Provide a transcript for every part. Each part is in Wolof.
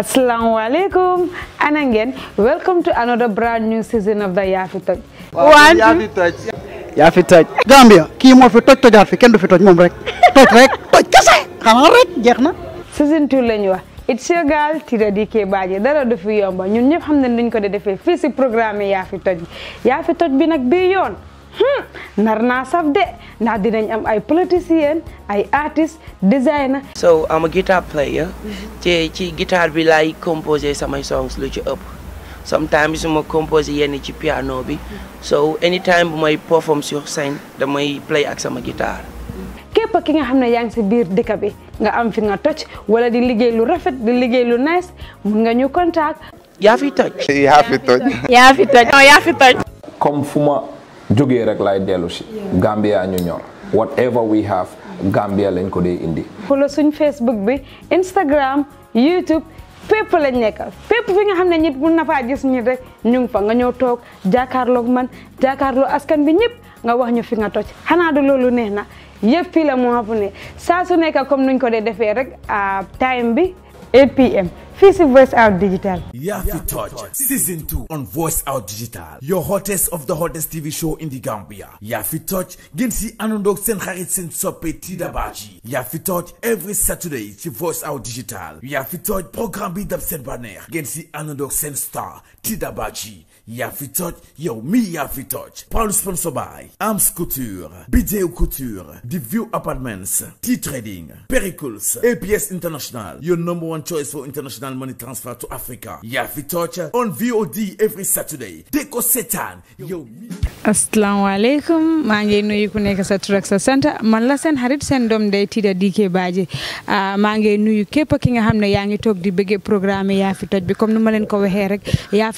asalaamaaleykum ana ngeen welcome to another brand new season of the Yafi Toj. waaw Yafi Toj. Yafi Toj. Gambia kii moo fi toj tojaat fi kenn du fi toj moom rek toj rek toj kese xanaa rek jeex na. season two la ñu wax it's your girl Tida DK Badji dara du fi yomba ñun ñëpp xam nañ duñ ko de defee fii si programme Yafi Toj Yafi Toj bi nag bii yoon. Hmm, nar naa saf de ndax dinañ am ay politicien ay artiste designer. so am a guitar player. ci guitar bi laay composé samay songs lu ci ëpp. sometimes ma composé yenn ci bi. so anytime bu may perform sur scène damay play ak sama guitar. képp ki nga xam ne yaa ngi si biir dëkk bi nga am fi nga toj wala di liggéey lu rafet di liggéey lu nice mun nga ñu contact. yaa fi toj. yaa fi toj. yaa fi toj. comme fu ma. jóge rek laay dellu si Gambia ñu ñor whatever we have Gambia lañ ko dee indi xoolal suñ Facebook bi Instagram YouTube fépp lañ nekkal fépp fi nga xam ne nit mu na faa gis nit rek ñu fa nga ñëw toog jàkkaarloog man jàkkaarloo askan bi ñëpp nga wax ñu fi nga toj xanaa du loolu neex na yëpp fii la moo xam ne saa su nekk comme nuñ ko dee defee rek time bi 8 fii si Voice Out Digital. Yafi Touch season two on Voice Out Digital. your hottest of the hottest TV show in the Gambia. Yafi Touch ngeen si àndandoo seen xarit seen soppe Tida Badji. Yafi Touch every Saturday ci Voice Out Digital. Yafi Touch programme bi dab seen bànneex. ngeen si àndandoo seen star yaa fi toj yow mi yaa fi toj Paul sponsor Ams Couture Bidéo Couture The View Apartments T-Trading Pericles APS International your number one choice for international money transfer to Africa yaa fi toj on VOD every Saturday déko seetaan yow mi asalaamaaleykum maa ngi nuyu ku nekk sa tur sa sant man la seen xarit seen doom day Tida Dike Badji ah, maa ngi nuyu képp ki nga xam ne yaa ngi toog di bëggee programme yaa fi toj bi comme nu ma leen ko waxee rek yaa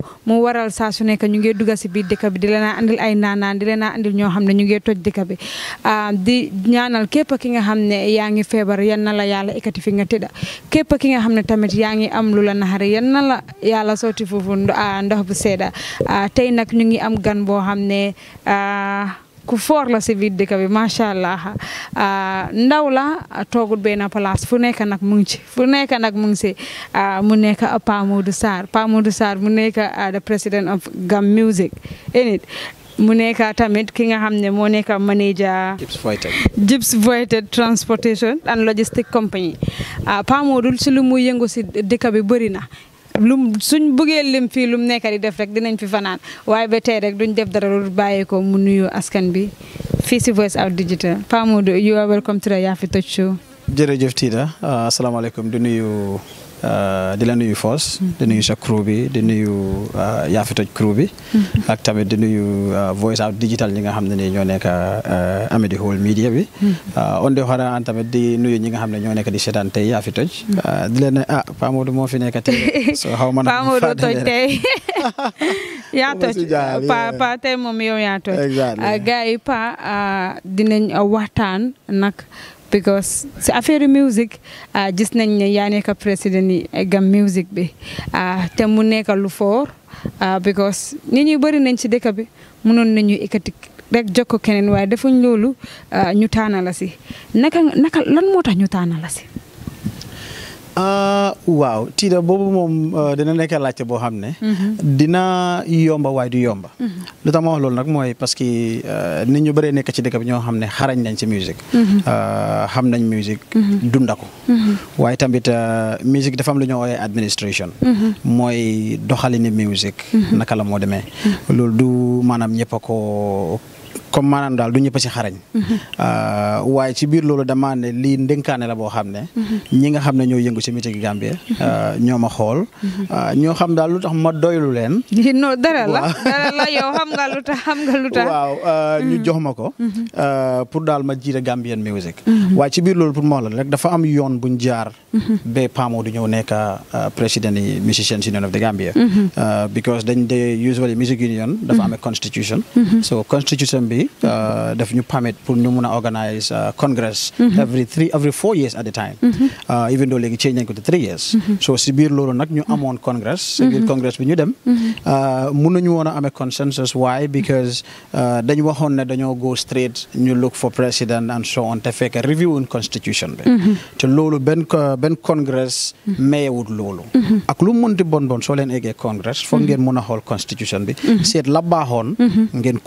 waaw mu waral saa su nekk ñu ngi dugal si biir dëkk bi di leen andil ay naanaan di leen andil ñooxam ne ñu ngi toj dëkk bi ah, di ñaanal képp ki nga xam ne yaa ngi feebar yan na la yàlla ekkati fi nga tëdda képp ki nga xam ne tamit yaa ngi am lu la naxari yan na la yàlla sotti foofu ah, ndox bu sedda ah, tey nag ñu ngi am gan boo xam ne ku foor la si biir dëkk bi macha allah ah, ndaw la toogut benn place fu nekk nag mu ngi ci fu nekk nag mu ngi si ah, mu nekk Pa Modou Sarr Pa Modou Sarr mu nekk ah, the president of Gam Music in mu nekk tamit ki nga xam ne moo nekk manager Gibbs Voited Transportation and Logistic Company Pa Modou si lu muy yëngu si dëkk bi bëri na lum suñ bëggee lim fii lum nekk di def rek dinañ fi fanaan waaye ba tey rek duñ def dara lu bàyyee ko mu nuyu askan bi fii si Voice Out Digital Pa do you are welcome to the Yafi Touch Show. jërëjëf Tida ah, asalaamaaleykum di nuyu. Euh, di la nuyu Foss di nuyu sa crew bi di nuyu euh, yaa fi toj crew mm-hmm. ak tamit di nuyu euh, voice out digital ñi nga xam ne ni ñoo nekk Amedy Hall media bi mm-hmm. on de xara an tamit di nuyu ñi nga xam ne ñoo nekk di seetaan tey yaa fi toj mm-hmm. di leen ne ah Pa Modou moo fi nekk tey so xaw ma toj tey yaa toj Pa Pa tey moom yow yaa toj gars yi Pa dinañ waxtaan nag because si affaire music ah, gis nañ ne yaa nekk président yi gam music bi ah, te mu nekka lu foor ah, because nit ñuy bëri nañ ci dëkk bi munoon nañu ikkati rek jokko keneen waaye defuñ loolu ñu taana la si naka naka lan moo tax ñu taana la si Ah, waaw tiida boobu moom euh, dina nekk laajte boo xam ne. Mhm. dina yomba waaye du yomba. Mhm. lu tax ma nag mooy parce que euh, nit ñu bëree nekk ci dëkk bi ñoo xam ne xarañ nañ ci musique. Mhm. Ah, xam nañ musique. dunda ko. waaye tamit euh, musique dafa am lu ñu ooyee administration. mooy doxalini musique. naka la moo demee. loolu du maanaam ñëpp ko comme maanaam daal du ñëpp si xarañ. Mm-hmm. Euh, waaye ci biir loolu damaa ne lii ndénkaane la boo xam ne. Mm-hmm. ñi xam ne ñoo yëngu si métier gi Gambie. Mm-hmm. Euh, ñoo ma xool. Euh, ñoo xam daal lu tax ma doylu leen. non dara la dara la yow xam nga lu tax waaw ñu jox ma ko. pour daal ma jiite Gambian music. waaye ci biir loolu pour moo la rek dafa am yoon bu jaar. ba Pamo du ñëw nekk président yi musicians union of the Gambia. because dañ de usually music union. dafa amee constitution. bi uh, daf ñu permit pour ñu mun a organise uh, congress mhm. every three every four years at a time mhm. uh, even though léegi change nañ ko to three years mhm. so si loolu nag ñu amoon congress si congress bi ñu dem mun nañu woon a consensus why because dañu waxoon ne dañoo go straight ñu look for president and so on te fekk review in constitution bi te loolu benn benn congress mayewut loolu ak lu mënti bon bon soo leen congress foog ngeen mun a constitution bi seet la baaxoon ngeen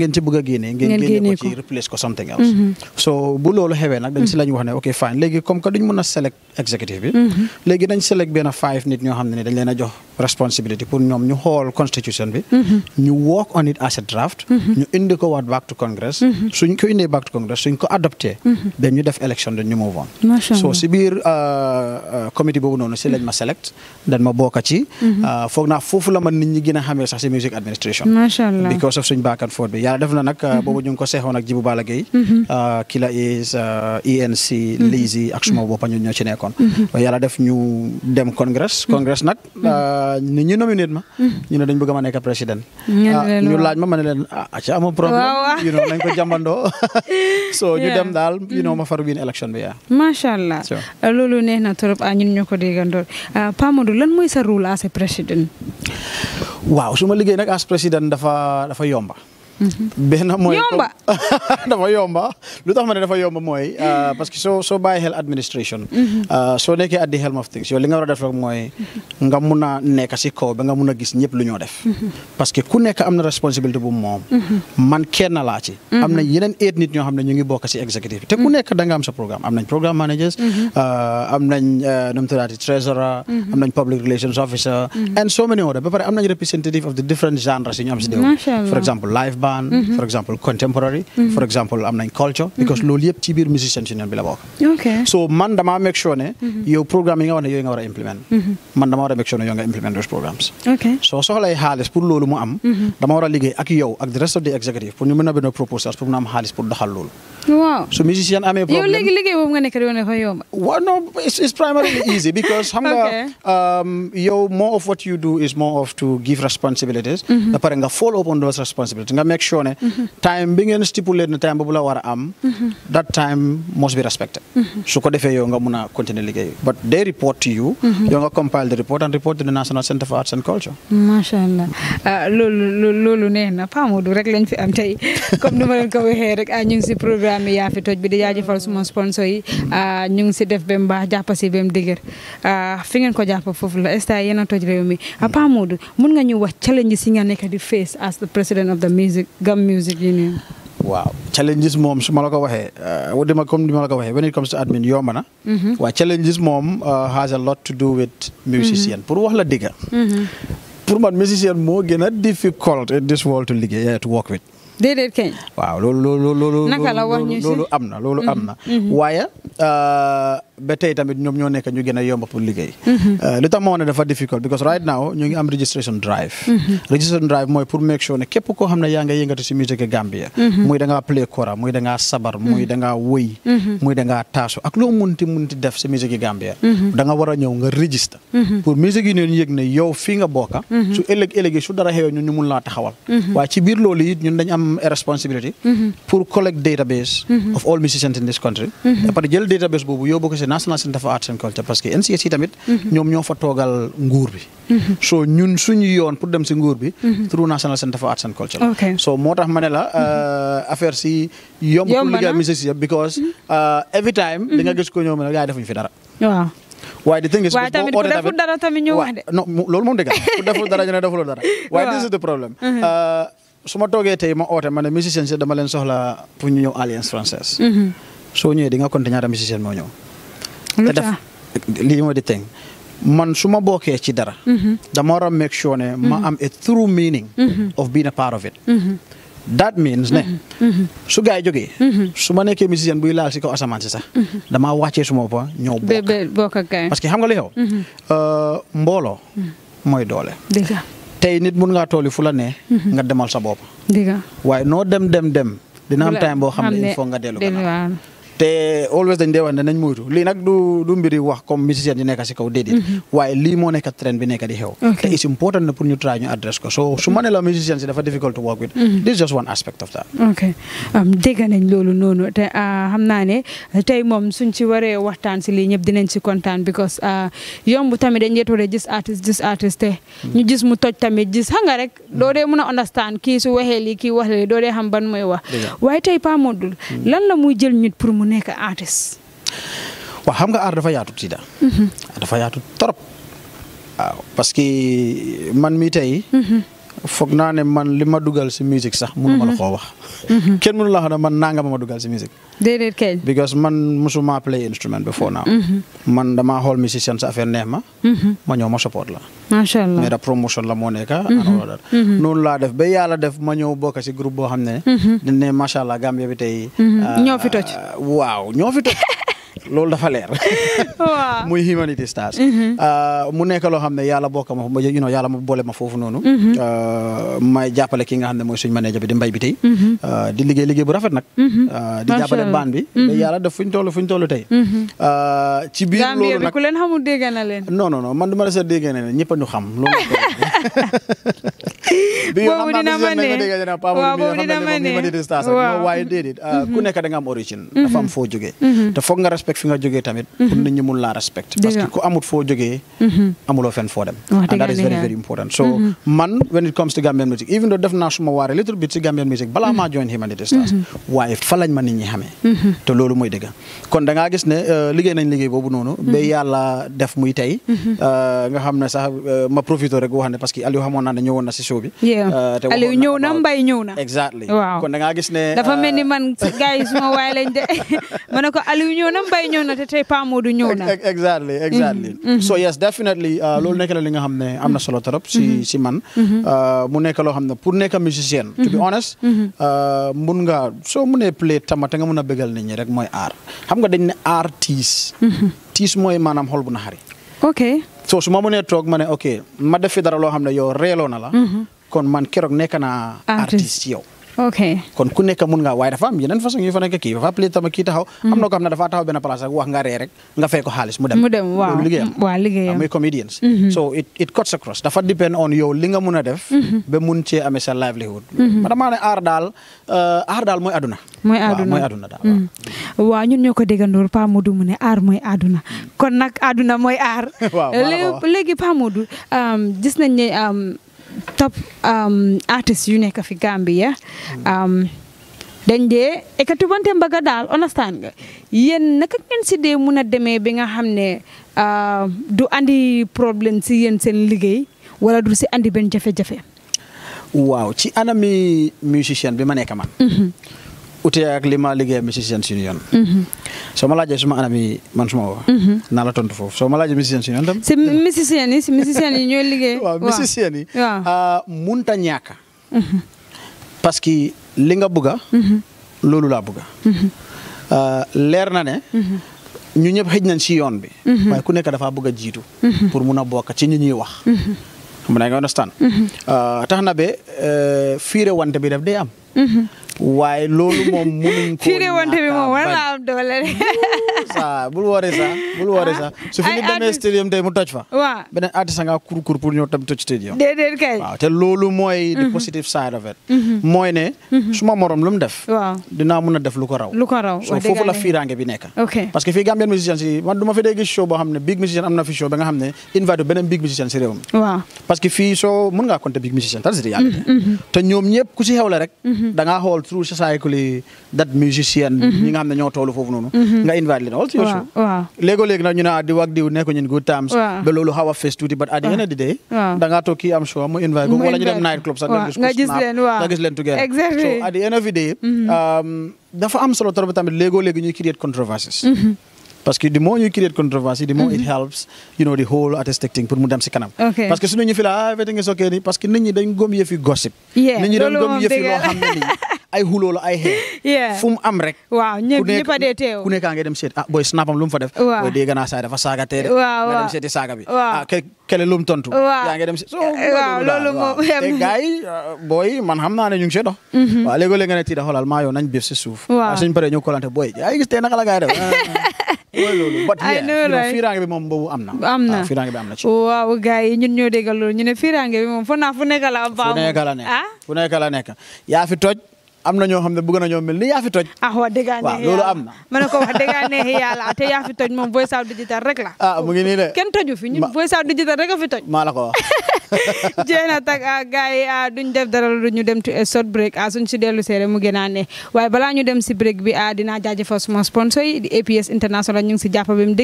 ngeen ci bëgg a génne ngeen génne ko ci replace ko something else mm-hmm. so bu loolu xewee nag dañ si mm-hmm. lañ wax ne ok fine léegi comme que duñ mën a select executive bi mm-hmm. léegi dañ select benn five nit ñoo xam ne dañ leen a jox responsibility ñu xool on it as a draft ñu indi ko waat back to congress suñ ko indee back to congress suñ ko adopté dañ ñu def élection dañ ñu move so si biir euh, euh, committee boobu noonu si lañ ma select dañ ma bokk ci euh, foog naa foofu la ma nit ñi gën a xamee yàlla def na nag mhm. boobu ñu ngi ko seexoon ak Jibu Bala Gueye mhm. ah, Killa is ah, ENC mhm. Lizzy ak suma boppa ñun ñoo ci nekkoon yàlla def ñu dem congrès congrès nag ah, nit ñi nominé ma ñu ne dañ a ma nekk président ñu laaj ma ma ne leen aca amoo problème you know nañ ko jàmbandoo so ñu dem daal you know ma far win élection bi yaa macha allah loolu neex na trop ñun ñoo ko déggandoor Pa lan mooy sa rôle as président waaw su liggéey nag as président dafa yomba benn mooy yomba dafa yomba lu tax ma ne dafa yomba mooy euh, parce que soo soo bàyyi administration mhm. euh, soo nekkee at helm of things yow li nga war a def rek mooy nga mun a nekk si kaw nga mun a gis ñëpp lu ñoo def mhm. parce que ku nekk am na responsabilité bu moom mhm. man kenn laa ci am na yeneen eight nit ñoo xam ne ñu ngi bokk si exécutif te ku nekk da nga am sa programme am nañ programme managers euh, am nañ nu mu treasurer am nañ public relations officer urban mhm. for example contemporary mhm. for example am nañ culture mhm. because loolu yëpp ci biir musician union bi la bokk so man damaa make sure ne yow programme yi nga wax ne yooyu nga war a implement man dama war a make sure ne yow nga implement those programmes soo soxlay xaalis pour loolu mu am dama war a liggéey ak yow ak the rest of the executive pour ñu mën a benn proposals pour mën a am xaalis pour doxal loolu waaw su musicien amee problème yow léegi liggéey boobu nga nekk doon dafa yomb waaw no it's primarily easy because xam nga um, yow more of what you do is more of to give responsibilities da pare nga follow up on those responsibilities nga make sure ne time bi ngeen stipulate ne time boobu la war a am that time must be respected su ko defee yow nga mun a continuer liggéey but they report to you yow compile the report and report the National Centre for and Culture macha allah ah, loolu loolu neex na rek lañ fi am tey comme ni ko waxee rek ah, ñu ngi programme yi yaa fi toj bi di suma sponsor yi ah, ñu ngi def ba baax jàpp si ba mu dëgër fi ngeen ko jàpp foofu la est-ce que yéen a mi waaw challenges moom su ma la ko waxee wa euh, dima comme ni ma la ko waxee when it comes to admin yomb na. Mhm. waaw challenges moom euh, has a lot to do with musician mhm. pour wax la dëgg. Mhm. pour man musician moo a difficult in this world to liggéey eh, to work with. déedéet kay. waaw loolu naka la wax ñu si loolu waaye. Euh, ba tey tamit ñoom ñoo nekk ñu gën a yomb pour liggéey. Mhm. Euh, lu tax ma wax ne dafa difficult because right now ñu ngi am registration drive. Mhm. registration drive mooy pour make sure ne képp koo xam ne yaa nga yëngatu si musique Gambia. Mhm. muy da ngaa play kora muy da sabar muy da ngaa wëy. muy da ngaa taasu ak loo munti munti def si musique Gambia. da war a ñëw nga register. pour musique yi ñu yëg yow fii nga bokka su ëllëg ëllëg su dara xewee ñun ñu mun laa taxawal. national centre for arts and culture parce que NCS yi tamit. Mhm. ñoom ñoo fa toogal nguur bi. Mhm. so ñun suñu yoon pour dem si nguur bi. Mhm. through national centre for arts and culture. so moo tax ma ne la euh, affaire si. yomb pour liggéey ministres yi because euh, every time. da nga gis ko ñoom ne gaa yi defuñu fi dara. waaw. waaye the thing is waaye tamit ku deful dara tamit ñu wax de. non loolu moom dëgg la ku deful dara ñu ne defuloo the problem. Euh, su ma toogee tey ma oote ma musicien si dama leen soxla pour ñu alliance française. soo ñëwee di nga compter ñaata te def lii moo di teng man su ma bokkee ci dara. Mm-hmm. dama war a make sure ne ma mm-hmm. am a true meaning. Mm-hmm. of being a part of it. that means ne. su gaa yi jógee. su ma nekkee musicien buy laal si kaw asamaan si sax. damaa wàccee su ma ba ñëw bokk. parce que xam nga li yow. Euh, mbooloo. mooy doole. tey nit mun ngaa tooli fu la ne. nga demal sa bopp. waaye noo dem dem dem. dina am time boo xam ne il faut nga dellu gannaaw te always dañ dee wax ne nañ moytu lii nag du du mbiri wax comme musicien di si kaw déedéet mm-hmm. waaye lii moo nekk bi nekk di xew te it's important na pour ñu try ñu adresse ko so su ma ne la musicien si dafa difficult to work with mm-hmm. this just one aspect of that ok um, uh, uh, tamit dañ yeetoo de gis artiste gis artiste mm. ñu gis mu toj tamit gis xam rek mm. doo dee mun a understand ki su waxee lii kii wax lii do dee xam ban mooy wax waaye tey Pa Modou mm. lan jël nit pour mu nekk artiste. waaw xam nga art dafa yaatu Tida. Mhm. dafa yaatu trop. waaw man mi tey. Mhm. foog naa ne man li ma dugal si musique sax. mënu ma la mhm. koo wax. Mhm. kenn mënu a wax ne man nangam ma dugal si musique. déedéet kay. because man musuma play instrument before now. Mhm. man damaa xool musicien sa affaire neex ma. ma ñëw ma support la. macha allah mais da promotion la moo nekk. Ah, noonu laa def ba yàlla def ma ñëw bokk si groupe boo xam ne. ne macha allah Gambia bi tey. Ah, waaw ñoo loolu dafa leer. waaw muy humanity stars. Mhm. Uh, mu nekk loo xam ne yàlla boo ma ma you know yàlla ma boole ma foofu noonu. Mhm. Uh, may jàppale ki nga xam ne mooy suñu manager bi di mbay bi tey. Mhm. Uh, di liggéey liggéey bu rafet nag. di jàppale baan bi. yàlla def fu ñu toll fu ñu toll tey. ci biir loolu nag Gambie bi ku leen xamul dégg na leen. non non non man du ma la na leen ñëpp a ñu xam loolu. boobu dina ma ne waaw boobu dina ma ne waaw waaye déedéet ku nekk da nga am origine. te foog nga respect respect fi nga jógee tamit. pour mhm. nit ñi mun laa respect. parce que ku amut foo jógee. Mhm. amuloo fenn foo dem. and that is very very important. so mhm. man when it comes to Gambian music even though def naa suma waar a little bit si Gambian music balaa maa join Humanity Stars. waaye fa lañ ma nit ñi xamee. te loolu mooy dëgg kon da ngaa gis ne euh, liggéey nañ liggéey boobu noonu. ba yàlla def muy tey. Euh, nga xam ne sax euh, ma profité rek wax ne parce que Aliou xamoon naa ne ñëwoon na si show bi. te Aliou ñëw na Mbaye ñëw na. exactly kon da ngaa gis ne. dafa mel ni man gars yi suma waay lañ de ma ne ko Aliou ñëw na Mbaye Baye ñëw na te tey Pa Modou na. exactly exactly mm-hmm, mm-hmm. so yes definitely uh, loolu nekk na li nga xam ne am na solo trop. si mm-hmm. si man. Uh, mu nekk loo xam ne pour nekk musicien. to be uh, mun nga soo munee play tama te nga mun a bégal nit ñi rek mooy aar xam nga dañ ne aar tiis. tiis mooy maanaam xol bu naxari. ok so su ma munee toog ma ne ok ma def fi loo xam ne yow reeloo na la. kon man keroog nekk naa artiste yow. ok kon ku nekk mun ngaa waaye a am yeneen façon yu fa nekk kii dafa appelé tama kii taxaw am na ko xam ne dafa taxaw benn place rek wax nga ree nga fay xaalis mu dem mu dem waaw waaw liggéeyam muy mhm. mun a def mhm. ba mun cee amee sa livelihood ma mhm. damaa aar daal uh, aar daal mooy aduna mooy aduna waaw ñun ñoo ko déggandoor Pa Modou mu ne aar mooy aduna kon nag aduna mooy aar léegi Pa Modou um, gis nañ um, top um, artistes yu nekk fi Gambia um, dañ dee ekatubante mbaga daal understand nga yéen naka ngeen si dee mun a demee bi nga xam ne uh, du andi problème si yéen seen liggéey wala du si andi benn jafe-jafe waaw ci anami musicien bi ma nekk man mm-hmm. utee ak li ma liggéeyam musicien suñu yoon. Mhm. soo ma laajee suma anam yi man suma woo. Mhm. naa la tontu foofu soo ma laajee musicien suñu yoon tam. si musicien yi si musicien yi ñooy liggéey. Ah, mhm. loolu laa bëgg a. Ah, na ne. ñu ñëpp xëj nañ si yoon bi. waaye ku nekk dafaa bëgg a jiitu. pour mun a bokk ci ñi ñuy wax. mun na nga understand. Ah, tax na ba eh, fiire wante bi daf day am. waaye loolu moom munuñ ko. fii de wante bi moom war naa am doole ça bul wooree ça bul ah, fi ñu demee stadium tey mu toj fa. waaw beneen artiste nga kur pour ñëw tam stadium. te loolu mooy. the mhm. positive side of it. Mhm. mooy ne. Mhm. suma morom lu def. waaw mun a def lu raw. so foofu la fiiraange bi nekk. parce que fii Gambian musician si man du ma show boo xam ne big musician am na fi show ba nga xam ne invité beneen big musician si réew mi. parce que fii soo mun ngaa compter big musician that's the reality. te ñoom ñëpp ku si health issue léego-léegi nag ñu ne ah diw ak diw nekkuñu in good terms ba loolu xaw a fees tuuti but at the end of the day da ngaa toog kii am dafa am solo trop tamit léego-léegi ñuy create controversies mm-hmm. parce que the more you create controversy the more it mm-hmm. helps you know the whole artistic thing pour mu dem parce que suñu ñu fi ah, everything is okay parce que nit ñi dañ gëm yëfi gossip nit ñi dañ gëm yëfi loo xam ay xuloo la ay xee fu mu am rek waaw ñëpp a dee teew ku nekk ah, nga dem seet ah booy snapam lu fa def booy dégg naa saa dafa saaga tee bi ah kele lu tontu yaa ngi dem seet waaw loolu moom te gars yi ah, man xam naa ne ñu ngi see dox mhm. waaw léegoo-léeg tiida ah, xoolal maa yow nañ biir si suuf waaw suñ paree ñu kolante booy yaa gis tee gaay def bi moom boobu am na. am na fiiraange am na ci. waaw gars ñun ñoo déggal loolu ñu ne fiiraange bi moom fo naa fu a la am. faamu fu toj. am na ñoo xam ne bëgg nañoo mel ni yaa fi toj. ah wax dëgg yàlla waaw loolu am na. ma ne ko wax dëgg yàlla te yaa fi toj moom voice out digital rek la. ah mu ngi nii kenn toju fi ñun voice a digital rek fi toj. maa la ko na jéem a tag gars yi ah, duñ dara lu ñu dem ci eh, short break ah, suñ si dellu seere mu gën a ne waaye balaa ñu dem si break bi a ah, dinaa jaajëfal suma sponsor yi di APS international ñu ngi si jàpp bi mu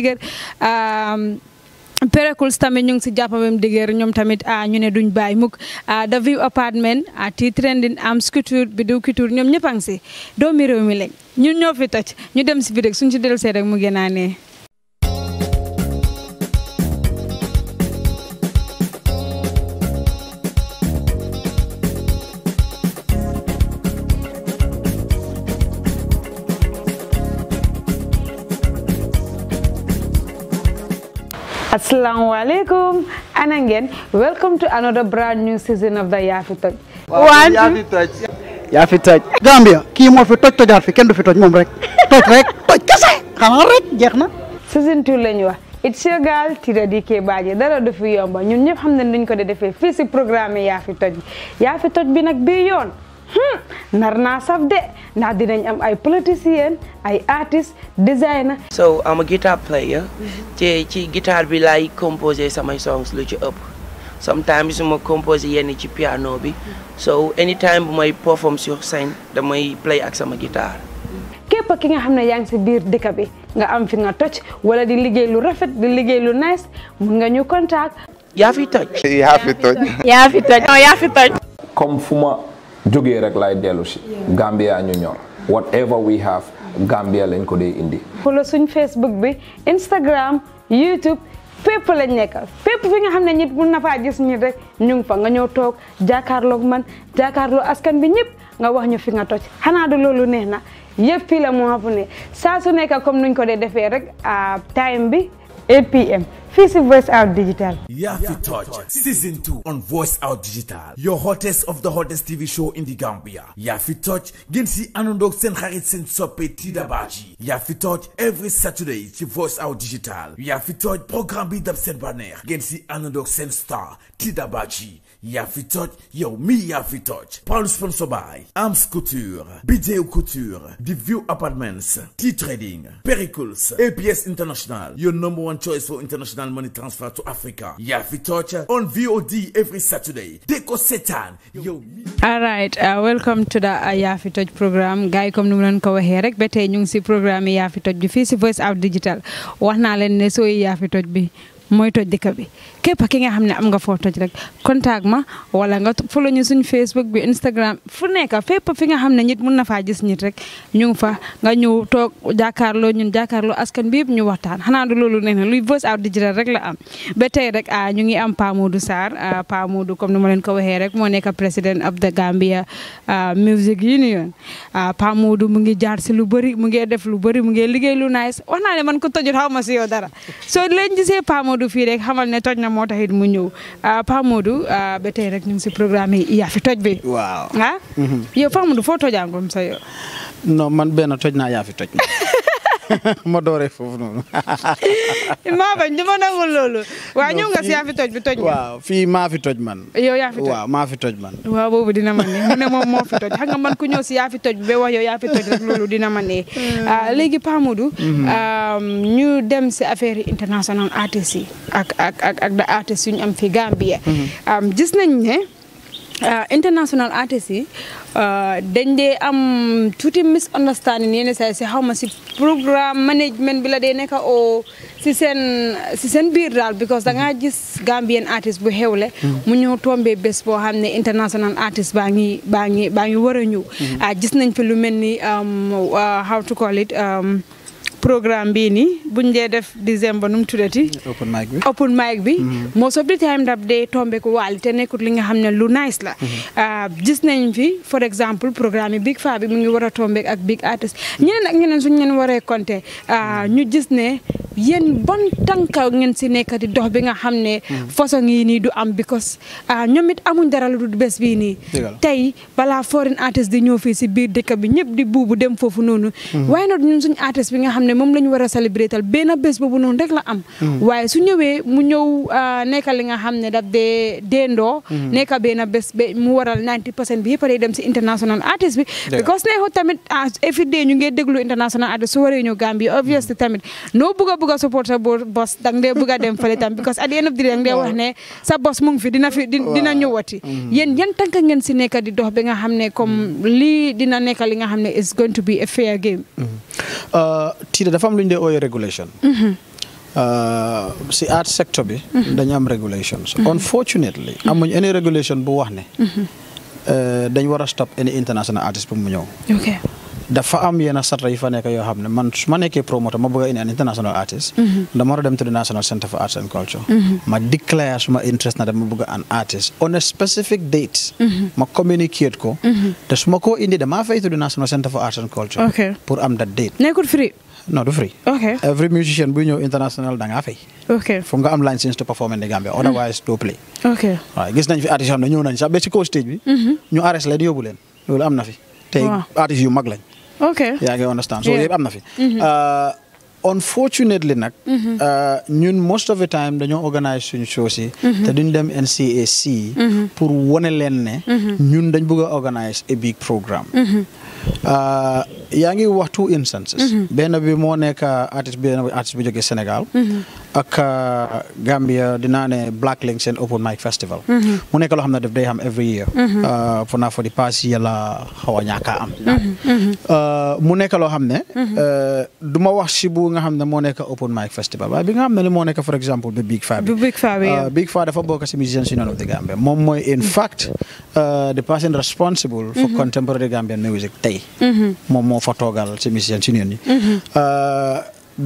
Peracles tamit ñu ngi si jàppamem digéer ñoom tamit a ah, ñu ne duñ bàyyi mukk ah, The View Apartment a ah, ti trending am sculpture bi diw culture ñoom ñëpp a ngi si doomi réew mi lañ ñu ñoo fi toj ñu dem si bi rek suñ si dellu see rek mu gën ne salaamaaleykum ana ngeen welcome to another brand new season of the Yafi Touch. waaw Yafi Touch. Yafi Touch. Gambia kii moo fi toj tojaat fi kenn du fi toj moom rek toj rek toj kese xanaa rek jeex na. season two la ñu wax it's your girl Tida DK Badji dara du fi yomba ñun ñëpp xam nañ duñ ko de defee fii si programme Yafi Touch Yafi Touch bi nag bii yoon. Hmm, nar naa saf de ndax dinañ am ay politicien ay artiste designer. so I'm a guitar player. ci guitare bi laay composé samay songs lu ci ëpp. sometimes ma composé yenn ci piano bi. so anytime bu may perform sur scène damay play ak sama guitare. képp ki nga xam ne yaa ngi si biir dëkk bi nga am fi nga toj wala di liggéey lu rafet di liggéey lu nice mun nga ñu contact. yaa fi toj. yaa fi toj. yaa fi toj. comme fu ma. jógee rek laay dellu si Gambia ñu ñor whatever we have Gambia lañ ko dee indi wala suñ Facebook bi Instagram YouTube fépp lañ nekkal fépp fi nga xam ne nit mun na faa gis rek ñu fa nga ñëw toog jàkkaarloog man jàkkaarloo askan bi ñëpp nga wax ñu fi nga toj xanaa du loolu neex na yëpp fii la moo xam ne saa su nekk comme nuñ ko dee defee rek a ah, time bi 8 p.m. fii si Voice Out Digital. Yafi Touch season too on Voice Out Digital. your hottest of the hottest TV show in the Gambia. Yafi Touch ngeen si àndandoo seen xarit seen soppe Tida Badji. Yafi Touch every Saturday ci Voice Out Digital. Yafi Touch programme bi dab seen bannière. ngeen si àndandoo seen star Tida Badji. yaa fi toj yow mi yaa fi toj Paul sponsor by Ams Couture Bidéo Couture The View Apartments T-Trading Pericles APS International your number one choice for international money transfer to Africa yaa fi toj on VOD every Saturday Deko Setan yow mi all uh, welcome to the uh, yaa programme gars yi comme ni leen ko waxee rek ba tey ñu ngi si programme yi yaa fi toj bi fii si Voice Out Digital wax naa leen ne sooy yaa fi bi mooy toj dëkk bi képp ki nga xam ne am nga foo toj rek contact ma wala nga follow ñu suñ Facebook bi Instagram fu nekk fépp fi nga xam ne ñit mun na faa gis nit rek ñu fa nga ñëw toog jàkkaarloo ñun jàkkaarloo askan bi yëpp ñu waxtaan xanaa du loolu nee na luy Voice Out Digital rek la am. ba tey rek ah, ñu ngi am Pa du Sarr ah, Pa du comme ni ma leen ko waxee rek moo nekk président of the Gambia ah, Music Union Pa du mu ngi jaar si lu bëri mu ngi def lu bëri mu ngi liggéey lu nice wax naa ne ko tojut xaw ma si yow dara Modou fii rek xamal ne toj na moo taxit mu a ah, Pa Modou ah, ba tey rek ñu ngi si programme yi yaafi toj bi. waaw ah. Mhm. yow Pa Modou foo tojaangoom sa no man benn toj naa yaafi toj. ma foofu noonu. maa bañ du ma loolu. waaw ñëw si yaa toj bi toj. fii maa fi toj man. yow yaa fi toj man. waaw boobu dina ma ne mu ne moom moo fi toj xam man ku ñëw si toj bi ba wax yow yaa toj rek loolu dina ma ne. Ah, léegi Pa Modou. Mhm. Um, ñu dem si affaire international artistes yi ak da artistes ñu am fi Gambia. Mhm. Um, gis nañ ne. Euh, international artistes yi euh, dañ dee am tuuti misunderstanding yenn saa si xaw ma si programme management bi la dee nekk o si seen si seen biir daal because da ngaa gis Gambian artiste bu le mu ñëw tombee bés boo xam ne international artiste baa ngi baa ngi baa ngi war a ñëw mm-hmm. euh, gis nañ fi lu mel ni um, uh, how to call it um, programme bii nii buñ dee def décembre nu mu tuddati. open mic bi open mic bi. Mm-hmm. most of the time daf dee tombe ku waali te nekkut li nga xam ne lu nice la. Mm-hmm. Ah, gis nañ fi for example programme yi Big Faa bi mu ngi war a tombe ak big artist mm-hmm. ñeneen ak ñeneen suñu leen waree compter ah, ñu gis ne yéen bon tànka ngeen si nekkati dox bi nga xam ne. façon yi nii du am because ah, ñoom it amuñ dara lu dul bés bii nii. tey balaa foreign artist di ñëw fii si biir dëkk bi ñëpp di buubu dem foofu noonu. waaye moom la ñu war a célébrer tal benn bés boobu noonu rek la am. Mm. waaye su ñëwee mu ñëw ah, nekk li nga xam ne daf dee dendoo. Mm. bee na bés ba mu waral 90 percent bi yëpp a dem si international artist bi. because neexut tamit ah, every day ñu ngi déglu international artist su waree ñëw Gambie obviously mm. tamit noo bëgg a bëgg a support sa boss dang dee bëgg a dem fële tam because at the end of the day dang dee wax ne sa bos mu fi dina fi dina ñëwati. yéen ñan tànk ngeen si nekk di dox bi nga xam ne comme lii dina nekk li nga xam ne is going to be a de dafa am lu ñu dee ooyee regulation. Mm-hmm. Euh, si art sector bi. Mm-hmm. dañu am regulations. Mm-hmm. unfortunately amuñ any regulation bu wax ne. Euh, dañ war a stop any international artist bu mu ñëw. dafa am yenn satra yi fa nekk yoo xam ne man su ma nekkee promoteur ma bëgg a indi an international artist. dama a dem to the National Center for Arts and Culture. ma declare suma interest na dama bëgg an artist on a specific date. ma communicate ko. te su ma to the National Center for Arts no du free. Okay. Every musician buy ñëw international da ngaa fay. ok foog nga am license to perform in the Gambia mm. otherwise to play. gis nañ fi artistes yoo xam sax ba ci kaw bi. Mm-hmm. ñu arrest leen yóbbu loolu am na fi. tey artistes yu mag lañ. yaa ngi understand so yëpp am na fi. Mm-hmm. Uh, unfortunately nag. Mm-hmm. Uh, ñun most of the time dañoo organise suñu show si. te duñ dem NCAC. pour wane leen ne. ñun dañ bëgg a organise a big programme. Euh, yaa ngi waxtu two instances. Mm-hmm. benn bi moo nekk artiste bi benn bi bu jógee Sénégal. Mm-hmm. ak uh, Gambia dinaa ne Black Link seen open mic festival. Mm-hmm. mu nekk loo xam ne daf day mm-hmm. uh, a a mm-hmm. Uh, ma wax si bu nga xam ne moo nekk open mic festival waaye bi nga xam ne moo nekk for example bi Big Faa bi. Big Faa bi Big Faa dafa bokk si musicians union of the Gambia moom mooy in fact the person responsible for contemporary Gambian music tey. moom moo fa toogal union yi.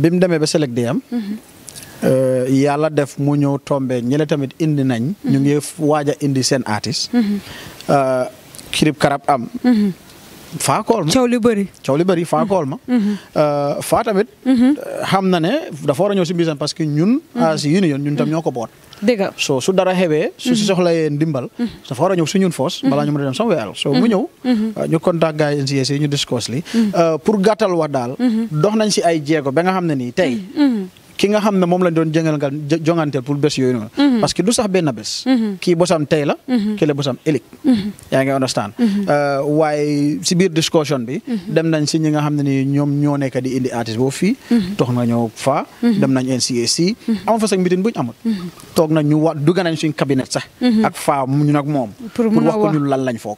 bi mu demee ba Euh, yala def mu ñëw tombé ñële tamit indi nañ. ñu ngi mm-hmm. waaj a indi seen artiste. Mm-hmm. Euh, kirib karab am. Mm-hmm. faakool ma coow li bëri. coow li bëri faakool ma. Euh, faa tamit. xam na ne dafa war ñëw si bisan parce que ñun. as union ñun tam ñoo ko boot. dëgg so su dara xewee. su si soxlayee ndimbal. dafa war a ñëw su ñun foos. balaa ñu mën a dem somewhere else so mu ñëw. ñu contact gars yi NCS ñu discuss li. pour gàttal wax daal. dox nañ si ay jéego ba nga xam ne nii tey. ki nga xam ne moom lañ doon jëngal ngal jonganteel pour bés yooyu noonu. Mhm. parce que du sax benn bés. Mhm. kii bosam tey la. Mhm. bosam ëllëg. yaa ngi understand. Euh, waaye si discussion bi. dem nañ si ñi nga xam ne ni ñoom ñoo nekk di indi artiste boobu fii. toox na ñoo fa. dem nañ NCAC. amoon fa sax meeting buñ amul. toog na ñu wa dugg nañ suñ cabinet sax. ak fa ñu ak moom. pour wax ko ñun lan lañ foog.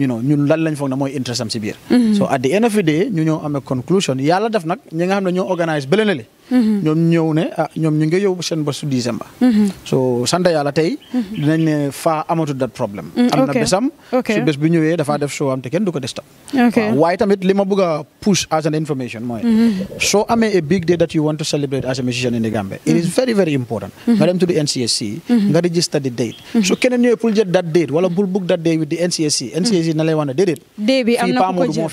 you know ñun lan lañ foog na mooy interest am si biir. so at the end of the ñu ñoo amee conclusion yàlla def nag ñi nga xam ne ñoo organise Mm-hmm. ñoom ñëw ne ah, ñoom ñu ngi yóbbu seen bosu décembre. Mm-hmm. so sant yàlla tey. Mm-hmm. dinañ ne faa amatul dat problème. Mm, am na bésam. su bés bi ñëwee dafaa def soo am te kenn du ko waaye tamit li ma bëgg a push as an information mooy. soo amee a big day that you want to celebrate as a musician in the Gambia. it is very very important. nga dem to the NCSC. nga register the date. su keneen ñëwee pour jël that date wala pour book that date with the NCSC. NCSC na lay wax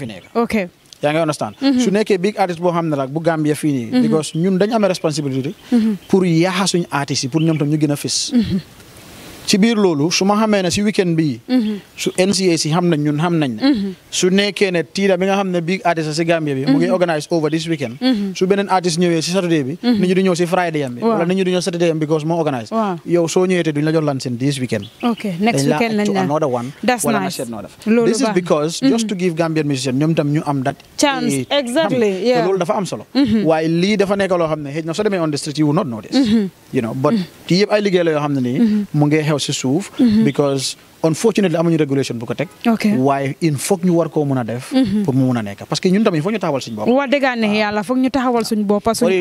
ne yaa ngi understand mm-hmm. su big artiste boo xam ne nag bu Gambia fii mm-hmm. ñun dañ amee responsabilité mm-hmm. pour yaaxa suñu artistes ñoom tam ñu gën fis ci biir loolu su ma xamee ne si weekend bii. Mm-hmm. su NCA si xam nañ ñun xam nañ ne. Mm-hmm. su nekkee ne tiida bi nga xam ne big artist si Gambia bi. mu ngi mm-hmm. organise over this weekend. su beneen artist ñëwee si Saturday bi. nit ñi du ñëw si Friday am bi. wala nit ñi du ñëw Saturday am because because just to give Gambian musicians ñu am that. chance exactly yeah loolu dafa am solo. waaye lii dafa nekk loo xam ne xëy na soo on the street you will not notice. you know xew si suuf. Mhm. because unfortunately amuñu régulation bu ko teg. waaye il faut ñu war koo mun a def. Mhm. pour mu mun a nekk parce que ñun tamit ah. foog ñu taxawal suñu bopp. Ah. suñu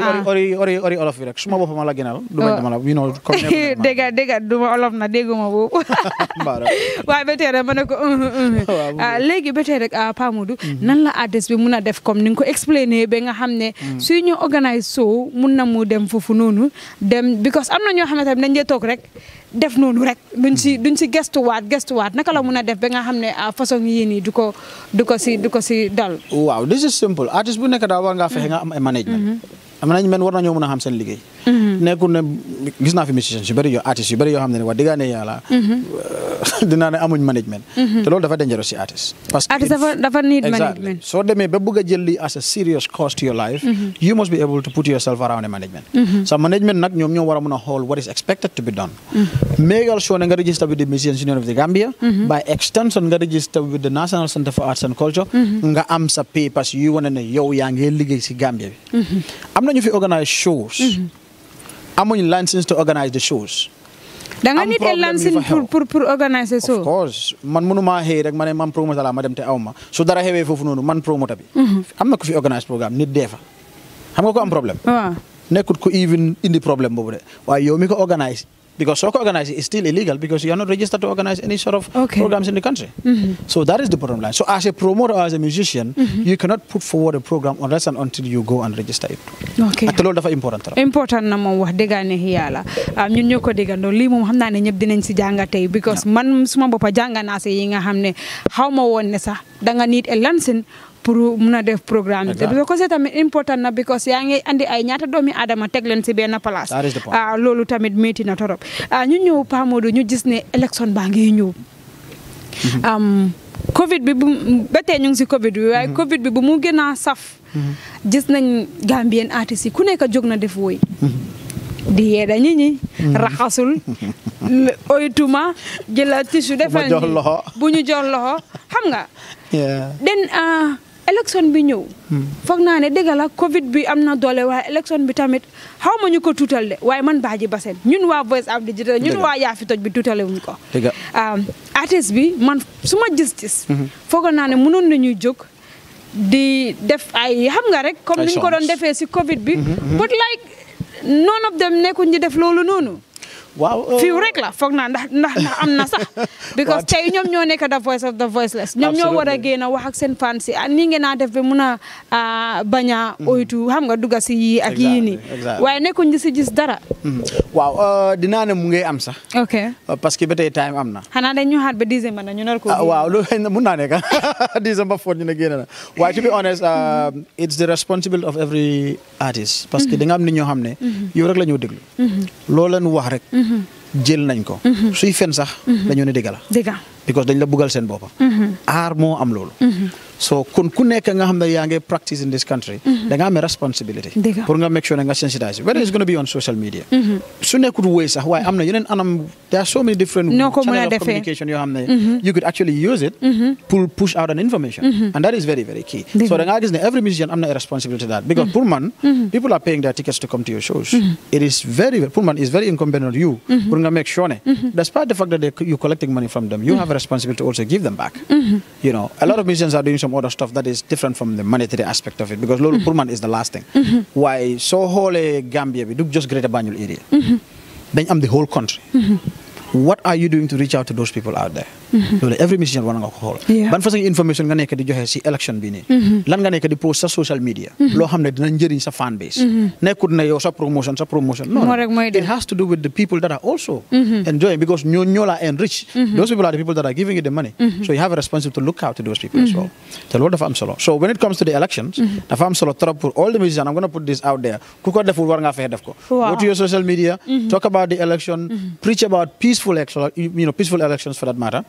aar la gënal. du olof na dégguma boobu. waaye ba rek ma ko. Uh, uh, uh. Ah, léegi ba rek Pa Modou. Mhm. nan la adresse bi mun a def comme ni ko expliqué ba nga xam ne. suy ñu organise soo mun na mu dem foofu noonu dem because am na ñoo xamante ne dañ dee toog rek def noonu rek duñ si duñ si gestuwaat gestuwaat naka la mun a def ba nga xam ne ah, façon yii nii du ko du ko si du ko si dal. waaw this is simple artiste bu nekk daal war ngaa fexe nga am ay management. Mm-hmm. management war nañoo mën a xam seen liggéey. Mm-hmm. nekkul ne gis naa fi musiciens yu bëri yoo artistes yu bëri yoo xam ne ne wax dëgg yàlla. Mm-hmm. ne amuñ management. Mm-hmm. te loolu dafa dangereux si artiste. parce que artiste dafa dafa a jël lii as a serious cost to your life. you must be able to put yourself around a management. sa management nag ñoom ñoo war a mën a what is expected to be done. mégal soo nga register with the Musicians Union of the Gambia. by extension nga register with the National Centre for amuñ license to organize the shows. da nit license pour pour pour organiser of course man mënu maa xëy rek ma ne man promoteur la ma dem te aw ma su dara xewee foofu noonu man promoteur bi. Mhm. am na ku fi organise programme nit dee fa xam nga ko am problème. waaw nekkut ko even indi problème boobu de waaye yow mi ko organise because soccer organizing is still illegal because you are not registered to organize any sort of okay. in the country. Mm-hmm. So that is the bottom line. So as a promoter or as a musician, mm-hmm. you cannot put forward a program unless and until you go and register it. Okay. Ak loolu dafa important la. Important na moom wax dëgg ne yàlla ah, ñun ñoo ko déggandoo lii moom xam naa ne ñëpp si jàng tey because man suma boppa jàng naa si yi ne xaw ma woon ne sax danga need a license pour mun a def programme bi. parce que tamit important na because yaa ngi andi ay ñaata doomi aadama teg leen si benn place. Ah, loolu tamit métti na torop ah, ñu ñëw Pa Modou ñu gis ne élection baa ngi ñëw. Mm-hmm. covid bi bu ba tey ñu ngi si covid bi waaye mm-hmm. bi bu mu gën a saf mm-hmm. gis nañ Gambien artistes yi ku nekk jóg na def woy di yeeda ñi ñi raxasul oytuma jëla tissu defal bu ñu jox loxo xam nga den élection bi ñëw. foog naa ne dëgg la Covid bi am na doole waaye élection bi tamit xaw ma ñu ko tuutal de waaye man ji Bassène ñun waa Voice of Digital ñun waa yaafi Fi Toj bi tuutale wuñ ko. dëgg artiste bi man suma ma gis-gis. Mhm. foog naa ne mënoon nañuy jóg. di def ay xam nga rek. comme ni ñu ko doon defee si Covid bi. Mhm, mhm. but like none of them nekkuñ ñu def loolu noonu. waaw euh, fiw rek la foog naa ndax ndax am na sax because tey ñoom ñoo nekk the voice of the voiceless ñoom ñoo war a génn a wax ak seen fans yi ah nii ngeen naa def ba mun a ah, bañ a mm-hmm. oytu xam nga dugga si yii ak yii nii waaye nekkuñ di si gis dara mm-hmm. waaw euh, dinaa ne mu ngay am sax euh, parce que ba tey time am na xanaa dañ ñu xaat ba décembre na ñu nar ko ah, waaw loolu mun naa nekk décembre foot ñu ne génn na waaye to be honest um, it's the responsibility of every artist parce que mm-hmm. da am ni ñoo xam ne yow la ñoo déglu loolu leen wax rek jël nañ ko. Mhm. suy fen sax. Mhm. dañoo ne dëgg because dañ la buggal seen boppa mm-hmm. aar moo am loolu mm-hmm. so kon ku nekk nga xam yaa ngi practice in this country mm-hmm. da nga responsibility pour nga make sure ne nga sensitise whether it's going to be on social media su nekkut wéy am na yeneen communication you could actually use it push out an information and that is very very key so da every musician am na responsibility that because pour man people are paying their tickets to come to your shows it is very pour man you pour nga make sure ne that you responsibility to also give them back. Mm -hmm. You know, a lot of musicians are doing some other stuff that is different from the monetary aspect of it because loolu mm-hmm. pour man is the last thing. Mm-hmm. waaye soo xoolee Gambia bi du just Greater Banjul area. Mm-hmm. dañ am the whole country. what are you doing to reach out to those people out there. Mm-hmm. loolu every musicien war nga ko xool ban façon information nga nekk di joxe si élection bi mm-hmm. lan nga nekk di post sa social media mm-hmm. loo xam ne dina njëriñ sa fan base nekkut na yow sa promotion sa promotion it has to do with the people that are enjoying because ñoo ñoo enrich those people are the people that are giving you the money so you have a responsibility to look out to those people as well te dafa am solo so when it comes to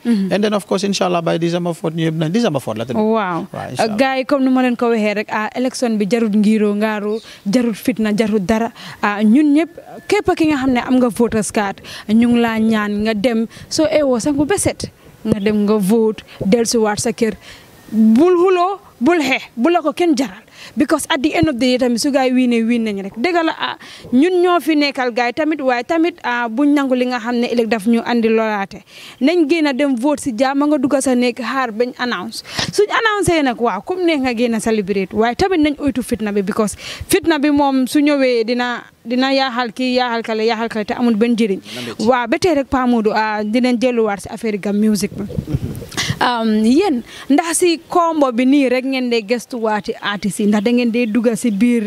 Mm-hmm. and then of course incha by December fourth ñu yëpp nañ December fourth la tamit. waaw uh, gars yi comme nu ma leen ko waxee rek ah élection bi jarut ngiroo ngaaru jarut fitna jarut dara ah, ñun ñëpp képp ki nga xam ne am nga voters card ñu laa ñaan nga dem so eewoo eh, sangu ba set nga dem nga vote dellusiwaat sa kër bul xuloo bul xeex bu la ko kenn jaral. because at the end of su gaay wiinee wiin nañ rek dëgg la ah, ñun ñoo fi nekkal gaay tamit waaye tamit ah, buñ nangu li nga xam ne ëllëg daf ñu andi lolaate nañ génn dem vote si jaama nga dugg sa nekk xaar bañ announce suñ annoncé nag waa comme neex nga génn celebrate waay tamit nañ oytu fitna bi because fitna bi moom su ñëwee dina dina yaaxal kii yaaxal kale yaaxal kale te amul benn njëriñ waaw ba tey rek Pa Modou ah, dinañ delluwaat si affaire gam musique bi mm-hmm. um, yéen ndax si bi nii rek ngeen dee gëstuwaati artistes yi ndax da ngeen dee dugga si biir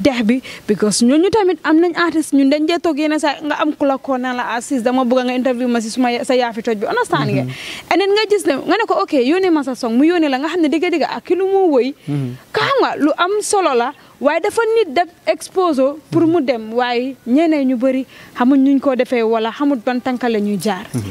dex bi because ñooñu tamit am nañ artiste ñun dañ dee toog yéen sa nga am ku la koo naan la artiste dama bëgg nga interview ma si suma sa yaafi toj bi understand nga eneen mm-hmm. nga gis ne nga ne ko ok yónnee ma sa song mu yónnee la nga xam ne dëgg-dëgg ak ki lu mu wëy mm-hmm. ka xam waaye dafa nit da exposé pour mu dem waaye ñeneen ñu bëri xamul ñu ko defee wala xamul ban tànk la ñuy jaar. Mhm.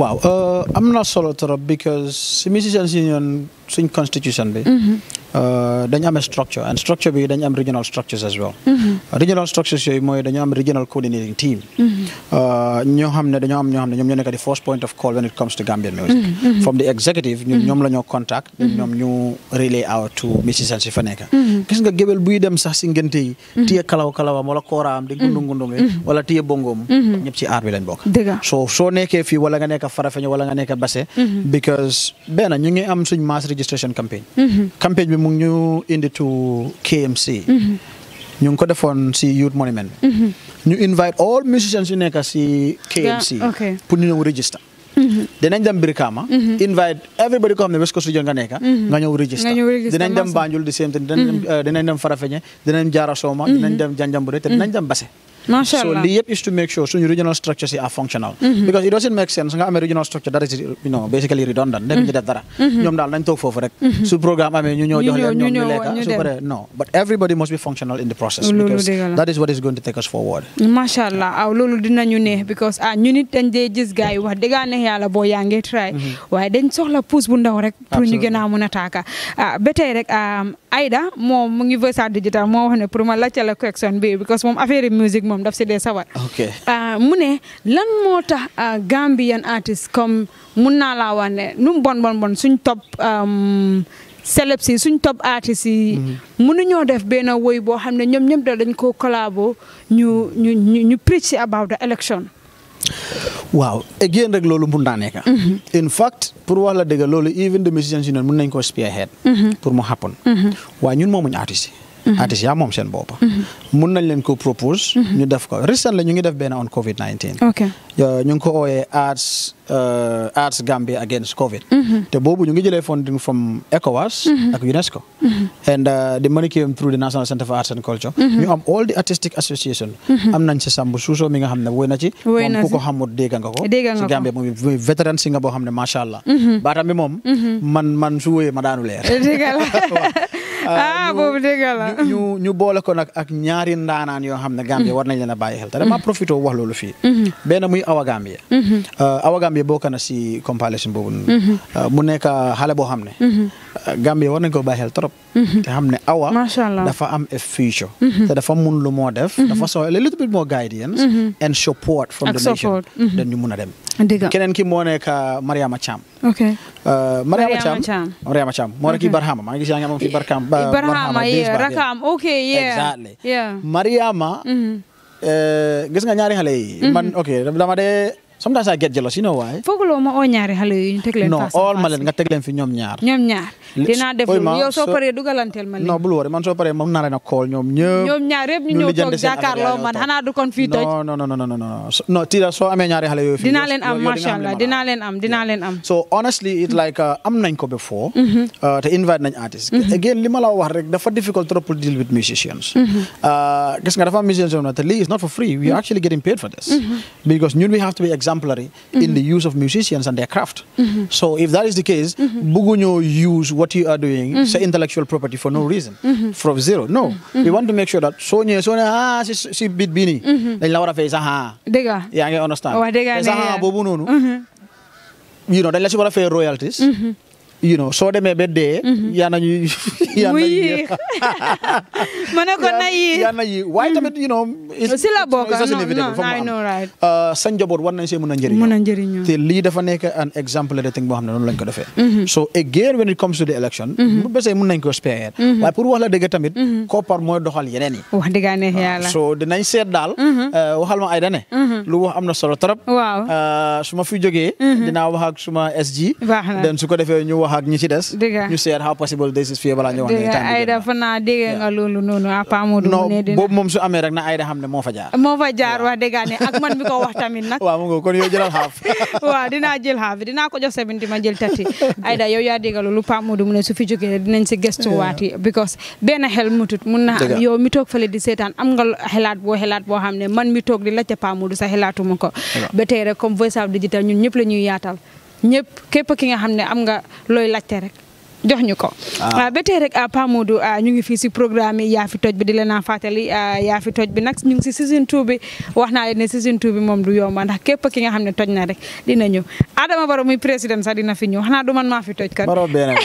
waaw euh, am na solo trop because musicians union suñ constitution bi. Mhm. Euh, dañu am structure and structure bi dañu am regional structures as well. Mm-hmm. regional structures yooyu mooy dañu am regional coordinating team. Mm-hmm. Euh, ñoo xam ne dañoo am ñoo xam ne ñoom ñoo nekk di first point of call when it comes to Gambian music. Mm-hmm, from the executive ñun ñoom la ñoo contact. ñoom ñu relay out to musicians yi fa nekk. gis nga géwél buy dem sax si ngénte yi. téye kalaw kalawam wala kooraam di gundum gundum wala téye bongoom. ñëpp ci aar bi leen bokk. so soo nekkee fii wala nga nekk Farafeñ wala nga nekk Basse. because benn ñu ngi am suñ mass registration campaign. campaign bi bi mu ngi ñu indi to KMC. Mm-hmm. ñu ngi ko defoon si Youth Monument. Mm-hmm. ñu invite all musicians yu nekk si KMC. pour ñu ñëw register. Mm-hmm. dinañ dem Brikama. invite everybody ko xam ne West Coast Region nga nekk. nga ñëw register dinañ dem Banjul di same thing dinañ dem uh, Farafenni dinañ dem Jara Soma. dinañ dem Janjanbureh te nañ dem Basse. macha allah so lii yëpp is to make sure suñu regional structures yi are functional. Mm-hmm. because it doesn't make sense nga amee regional structure dara is you know basically redundant. nekk ñu mm-hmm. def dara. that is what is going to take us forward. macha allah aw loolu dinañu neex because ah ñu nit dañ dee gis gars yi wax dëgg neex try. Mm-hmm. waaye dañ soxla pousse bu rek. pour ñu gën a a taaka ah, rek Aida ah, moom mu ngi Versa Digital moo wax ne pour ma laajte la question bi because moom daf si dee sawar. Ah, mu ne lan moo tax ah, Gambian artist comme mun naa la wax ne nu bon bon bon suñ top celebs yi suñ top artistes yi. Mhm. mënuñoo def benn woy boo xam ne ñoom ñëpp dañ koo collabo ñu ñu ñu ñu preach about the election. waaw again rek loolu mun naa nekk. Mhm. in fact pour wax la dëgg loolu even the musicians union mun nañ koo spearhead. Mhm. pour mu happen. waaye ñun moomuñ artistes yi. Mm-hmm. artistes yaa moom seen bopp. Mm-hmm. mun nañ leen ko propose. Mm-hmm. ñu def ko recent ñu ngi def benn on Covid 19. ñu ngi ko ooyee arts uh, arts Gambia against Covid. te boobu ñu ngi jëlee funding from ECOWAS. ak UNESCO. and the money came through the National Centre for Arts and Culture. ñu am all the artistic association. am nañ si Sambu Suso mi nga xam ne woy na ci. woy na ci moom ku ko xamut dégg nga nga ko si Gambia muy muy vétéran boo xam ne macha allah. baatam mi moom. man man su wooyee ma daanu leer. ah, ah boobu ñu ñu boole ko nag ak ñaari yoo xam ne Gambie war na leen a bàyyi xel te dama mhm. profité wax loolu fii mhm. benn muy Awa Gambie mhm. ah, Awa Gambie bokk na si compilation boobu noonu ah, mu nekk xale boo xam ne Gambie war nañ ko bàyyi xel trop te xam ne Awa dafa am a future te dafa mun lu moo def dafa soxla a little bit more guidance and support from the nation dañ ñu mun a dem dëgg keneen ki moo nekk euh, Mariama Thiam. ok euh, Mariama Thiam Mariama Thiam moo nekk Ibrahima maa ngi gis yaa ngi amoon mm-hmm. euh, nga ñaari xale mm-hmm. man ok dama dee. sometimes I get jealous you know why. fooguloo ma oo ñaari xale yooyu ñu teg leen. non all ma leen nga teg leen fi ñoom ñaar. ñoom ñaar dinaa def yow soo paree dugalanteel ma leen. non bul wari man soo paree moom naa leen a call ñoom ñëpp. ñoom ñaar yëpp ñu ñëw toog jàkkaarloo man xanaa du kon fii toj. non non non non non non Tida soo amee ñaari xale yooyu. dinaa leen am macha allah dinaa leen am dinaa leen am. so honestly it mm-hmm. like uh, am nañ ko before. Mm-hmm. Uh, te invite nañ artist. Mm-hmm. again li ma la wax rek dafa difficult trop pour deal with musicians. Uh, gis nga dafa am musicians yoo xam ne te lii is not for free we are actually getting paid for this. because ñun we have to be exact exemplary in the use of musicians and their craft. Mm-hmm. So if that is the case, mm-hmm. Bugunyo use what you are doing, mm-hmm. say intellectual property for no reason, from zero. No, we want to make sure that Sonia, Sonia, ah, she, she beat Bini. Then Laura face, aha. Dega. Yeah, I understand. Oh, dega. Aha, bobu nonu. You know, then let's go for royalties. you know soo demee ba dee. Mhm. yaa na ñuy yaa na ñuy ma ne ko na yi yaa na yi waaye mhm. I know right. Uh, sa njaboot war nañ see mën a njëriñoo. mën a njëriñoo te lii dafa an exemple de thing boo xam ne noonu lañ ko defee. Mhm. so again when it comes to the election. bu nañ ko spare. waaye pour wax la dëgg tamit. koppar mooy doxal yeneen yi. wax dëgg neex ah, yàlla so dinañ seet daal. Uh, waxal ma ay dane. lu wax am na solo trop. waaw uh, su ma fi jógee. dinaa wax ak suma SG. baax na den su ko defee ñu wax ak des. ñu seet how possible this is fii balaa ñu wax ne. dëgg Aida fan naa dégg nga loolu noonu Paa Modou. mu ne dina boobu moom su amee rek na Aida xam ne moo fa jaar. moo fa jaar wax dëgg ne ak man mi ko wax tamit nag. waaw mu ngi kon yow jëlal xaaf. waaw dinaa jël xaaf dinaa ko jox ma loolu Paa Modou mu ne su fi jógee dinañ si gëstuwaati because benn xel mutut mun na yow mi toog fële di seetaan am nga xelaat boo xelaat boo xam ne man mi toog di laajte Paa Modou sa xelaatuma ko ba tey rek comme Voice Out Digital ñun ñëpp la ñuy ñëpp képp ki nga xam ne am nga looy laajte rek jox ñu ko. waaw ah. ah, ba tey rek ah, Pa Modou ñu ngi fii si programme yi yaa fi toj bi di leen fàttali yaa fi toj nag ñu ngi si saison 2 bi wax naa leen ne saison 2 bi moom du yomba ndax képp ki nga xam ne toj na rek dina ñëw Adama Barrow muy président sax dina fi ñëw xanaa du man maa fi toj ka Barrow beneen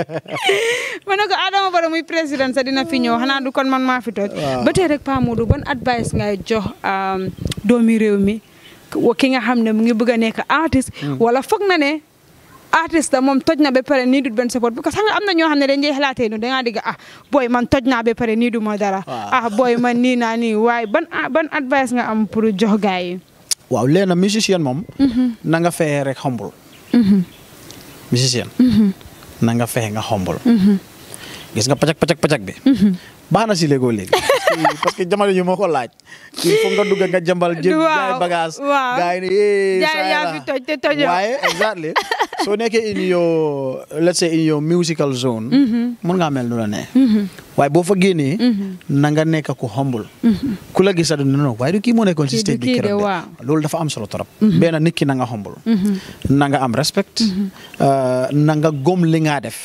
ma ne ko président sax dina fi ñëw xanaa du kon man maa fi toj. ba tey rek Pa Modou ban advice ngay jox doomi réew mi. ki nga xam ne mu ngi bëgg a nekk artiste. Mm. wala foog na ne artiste moom toj na ba pare nii du benn support parce que xam nga na ñoo xam ne dañuy xalaatee noonu da ngaa digg ah booy man toj naa ba pare nii du ma dara. ah booy man nii naa nii waaye ban ah, ban advice nga am pour jox gars yi. waaw léegi musicien moom. Mm-hmm. na nga fexe rek humble. Mm-hmm. musicien. Mm-hmm. na nga fexe nga humble. gis nga pacak pacak pacak bi. baax na si léegoo léegi. parce que jamono ji moo ko laaj. il faut nga dugg nga jëmbal. waaw jël jaay bagage. waaw gars yi ne eh, waaye exactly soo nekkee in your let's say in your musical zone. Mm-hmm. mun ngaa mel nu la ne. Mm-hmm. waaye boo fa génnee. Mm-hmm. nanga nga nekk ku humble. ku la gis aduna non waaye du kii moo nekkoon si stage bi keroog de loolu dafa am solo trop. benn nit ki nanga nga humble. na am respect. Euh, nanga nga li nga def.